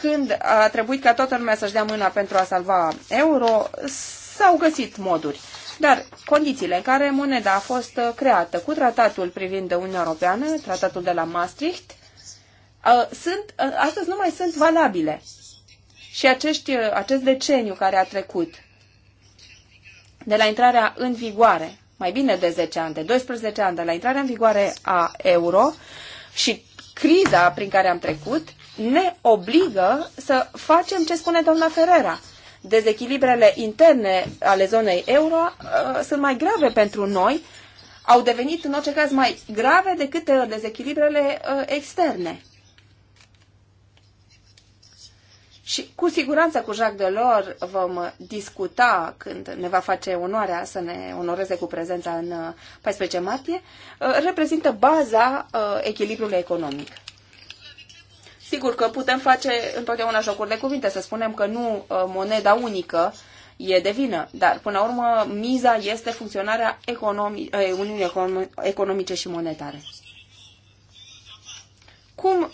când a trebuit ca toată lumea să-și dea mâna pentru a salva euro, s-au găsit moduri. Dar condițiile în care moneda a fost uh, creată cu tratatul privind Uniunea Europeană, tratatul de la Maastricht, uh, sunt, uh, astăzi nu mai sunt valabile. Și acești, acest deceniu care a trecut de la intrarea în vigoare, mai bine de 10 ani, de 12 ani, de la intrarea în vigoare a euro și criza prin care am trecut, ne obligă să facem ce spune doamna Ferrera, dezechilibrele interne ale zonei euro uh, sunt mai grave pentru noi, au devenit în orice caz mai grave decât uh, dezechilibrele uh, externe. Și cu siguranță cu Jacques Delors vom discuta când ne va face onoarea să ne onoreze cu prezența în 14 uh, martie, uh, reprezintă baza echilibrului economic. Sigur că putem face întotdeauna jocuri de cuvinte, să spunem că nu uh, moneda unică e de vină, dar până la urmă miza este funcționarea economi- uh, Uniunii Economice și Monetare. Cum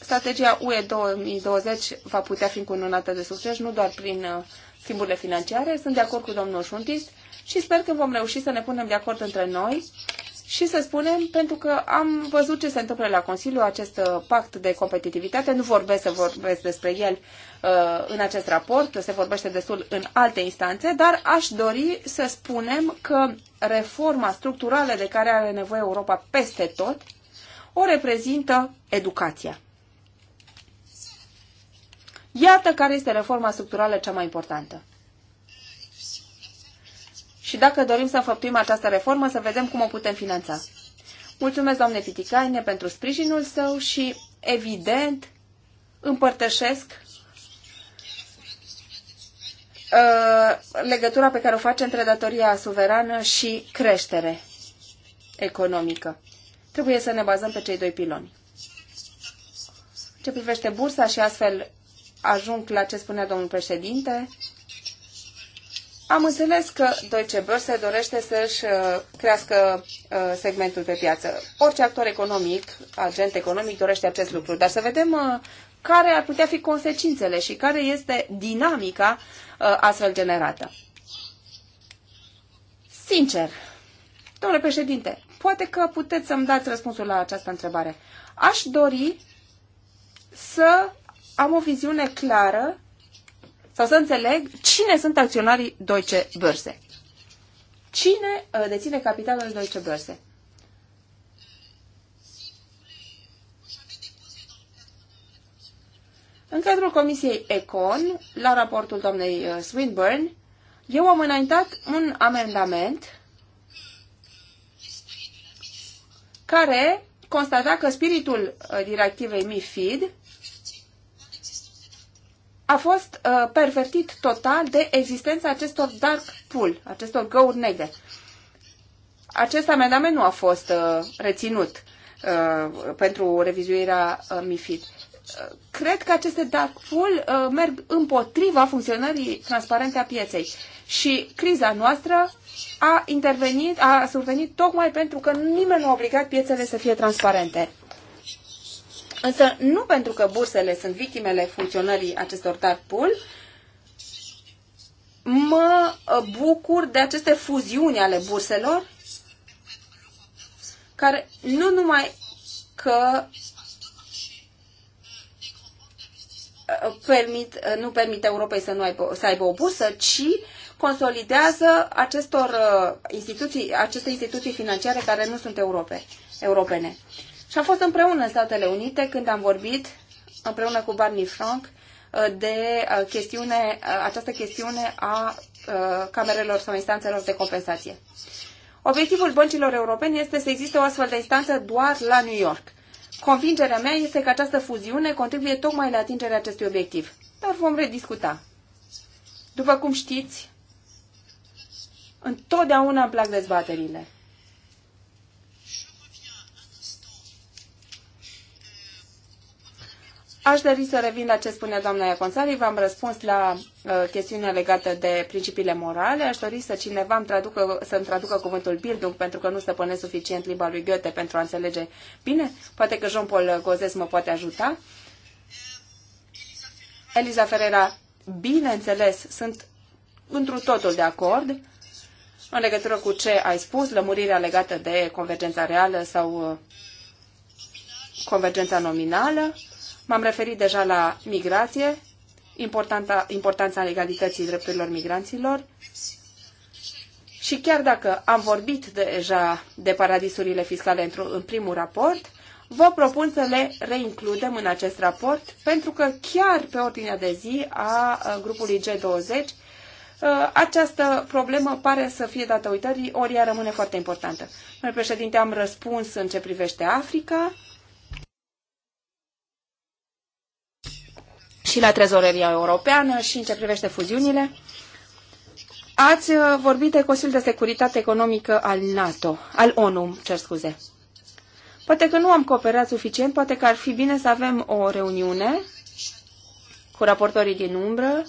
strategia UE 2020 va putea fi încununată de succes, nu doar prin uh, schimburile financiare, sunt de acord cu domnul Șuntis și sper că vom reuși să ne punem de acord între noi și să spunem, pentru că am văzut ce se întâmplă la Consiliu, acest uh, pact de competitivitate, nu vorbesc să vorbesc despre el uh, în acest raport, se vorbește destul în alte instanțe, dar aș dori să spunem că reforma structurală de care are nevoie Europa peste tot o reprezintă educația. Iată care este reforma structurală cea mai importantă și dacă dorim să înfăptuim această reformă, să vedem cum o putem finanța. Mulțumesc, doamne Piticaine, pentru sprijinul său și, evident, împărtășesc uh, legătura pe care o face între datoria suverană și creștere economică. Trebuie să ne bazăm pe cei doi piloni. Ce privește bursa și astfel ajung la ce spunea domnul președinte, am înțeles că Deutsche Börse dorește să-și uh, crească uh, segmentul pe piață. Orice actor economic, agent economic dorește acest lucru, dar să vedem uh, care ar putea fi consecințele și care este dinamica astfel generată. Sincer, domnule președinte, poate că puteți să-mi dați răspunsul la această întrebare. Aș dori să am o viziune clară sau să înțeleg cine sunt acționarii Deutsche Börse. Cine uh, deține capitalul Deutsche Börse? În cadrul Comisiei Econ, la raportul doamnei uh, Swinburne, eu am înaintat un amendament care constata că spiritul uh, directivei MIFID a fost uh, pervertit total de existența acestor dark pool, acestor găuri negre. Acest amendament nu a fost uh, reținut uh, pentru revizuirea uh, MIFID. Uh, cred că aceste dark pool uh, merg împotriva funcționării transparente a pieței și criza noastră a intervenit, a survenit tocmai pentru că nimeni nu a obligat piețele să fie transparente. Însă nu pentru că bursele sunt victimele funcționării acestor dark pool, mă bucur de aceste fuziuni ale burselor care nu numai că uh, permit, uh, nu permite Europei să, nu aibă, să aibă o bursă, ci consolidează acestor uh, instituții, aceste instituții financiare care nu sunt europe, europene. Și am fost împreună în Statele Unite când am vorbit împreună cu Barney Frank uh, de uh, chestiune, uh, această chestiune a camerelor sau instanțelor de compensație. Obiectivul băncilor europene este să existe o astfel de instanță doar la New York. Convingerea mea este că această fuziune contribuie tocmai la atingerea acestui obiectiv. Dar vom rediscuta. După cum știți, întotdeauna îmi plac dezbaterile. Aș dori să revin la ce spune doamna Iaconsari. V-am răspuns la uh, chestiunea legată de principiile morale. Aș dori să cineva îmi traducă, să-mi traducă cuvântul Bildung, pentru că nu stăpânesc suficient limba lui Goethe pentru a înțelege bine. Poate că Jean-Paul Gozes mă poate ajuta. Eliza Ferreira, bineînțeles, sunt întru totul de acord în legătură cu ce ai spus, lămurirea legată de convergența reală sau uh, convergența nominală. M-am referit deja la migrație, importanța, importanța legalității drepturilor migranților și chiar dacă am vorbit deja de paradisurile fiscale în primul raport, vă propun să le reincludem în acest raport, pentru că chiar pe ordinea de zi a grupului G20 această problemă pare să fie dată uitării, ori ea rămâne foarte importantă. Domnule președinte, am răspuns în ce privește Africa. și la trezoreria europeană și în ce privește fuziunile. Ați uh, vorbit de Consiliul de Securitate Economică al NATO, al ONU, cer scuze. Poate că nu am cooperat suficient, poate că ar fi bine să avem o reuniune cu raportorii din umbră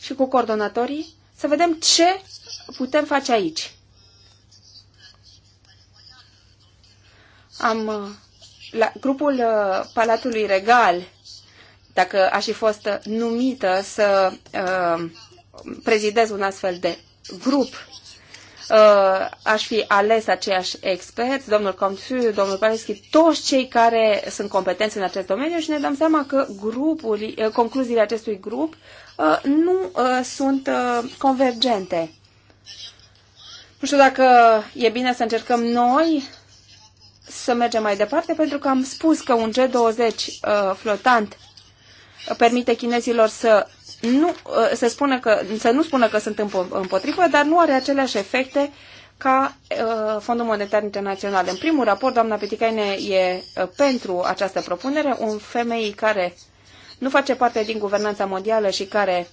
și cu coordonatorii, să vedem ce putem face aici. Am uh, la grupul uh, Palatului Regal dacă aș fi fost numită să uh, prezidez un astfel de grup, uh, aș fi ales aceiași experți, domnul Comfiu, domnul Paleschi, toți cei care sunt competenți în acest domeniu și ne dăm seama că grupul, uh, concluziile acestui grup uh, nu uh, sunt uh, convergente. Nu știu dacă e bine să încercăm noi să mergem mai departe, pentru că am spus că un G20 uh, flotant permite chinezilor să nu, uh, să, spună că, să nu spună că sunt împotrivă, dar nu are aceleași efecte ca uh, Fondul Monetar Internațional. În primul raport, doamna Peticaine e uh, pentru această propunere, un femei care nu face parte din guvernanța mondială și care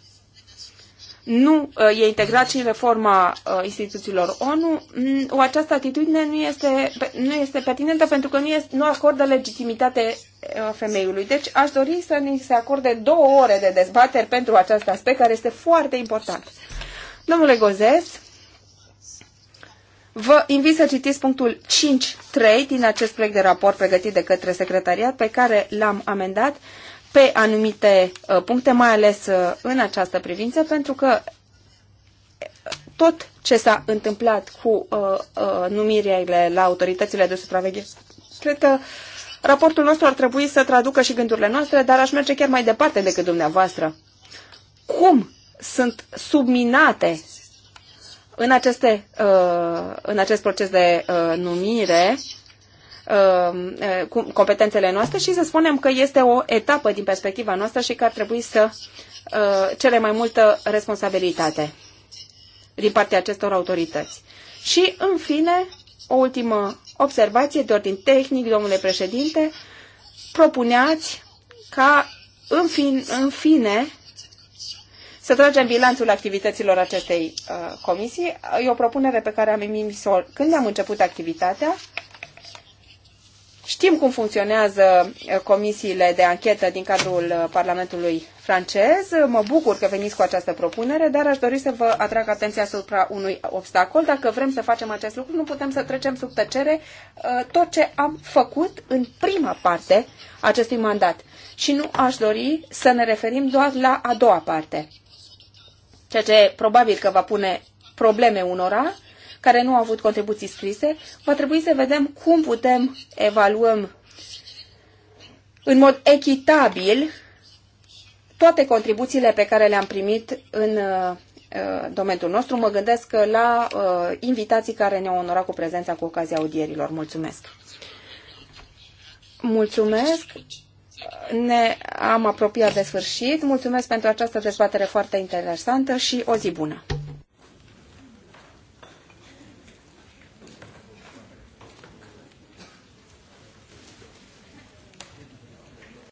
nu uh, e integrat și în reforma uh, instituțiilor ONU, mm, O această atitudine nu este, nu este pertinentă pentru că nu, este, nu acordă legitimitate uh, femeiului. Deci aș dori să ni se acorde două ore de dezbateri pentru acest aspect care este foarte important. Domnule Gozes, vă invit să citiți punctul 5.3 din acest proiect de raport pregătit de către secretariat pe care l-am amendat pe anumite uh, puncte, mai ales uh, în această privință, pentru că uh, tot ce s-a întâmplat cu numirile la autoritățile de supraveghere, cred că raportul nostru ar trebui să traducă și gândurile noastre, dar aș merge chiar mai departe decât dumneavoastră. Cum sunt subminate în, aceste, în acest proces de numire Um, eh, competențele noastre și să spunem că este o etapă din perspectiva noastră și că ar trebui să uh, cere mai multă responsabilitate din partea acestor autorități. Și, în fine, o ultimă observație de ordin tehnic, domnule președinte, propuneați ca, în, fin, în fine, să tragem bilanțul activităților acestei uh, comisii. E o propunere pe care am emis-o când am început activitatea Știm cum funcționează eh, comisiile de anchetă din cadrul eh, Parlamentului francez. Mă bucur că veniți cu această propunere, dar aș dori să vă atrag atenția asupra unui obstacol. Dacă vrem să facem acest lucru, nu putem să trecem sub tăcere eh, tot ce am făcut în prima parte acestui mandat. Și nu aș dori să ne referim doar la a doua parte, ceea ce probabil că va pune probleme unora, care nu au avut contribuții scrise, va trebui să vedem cum putem evaluăm în mod echitabil toate contribuțiile pe care le-am primit în uh, uh, domeniul nostru. Mă gândesc la uh, invitații care ne-au onorat cu prezența cu ocazia audierilor. Mulțumesc! Mulțumesc! Ne am apropiat de sfârșit. Mulțumesc pentru această dezbatere foarte interesantă și o zi bună!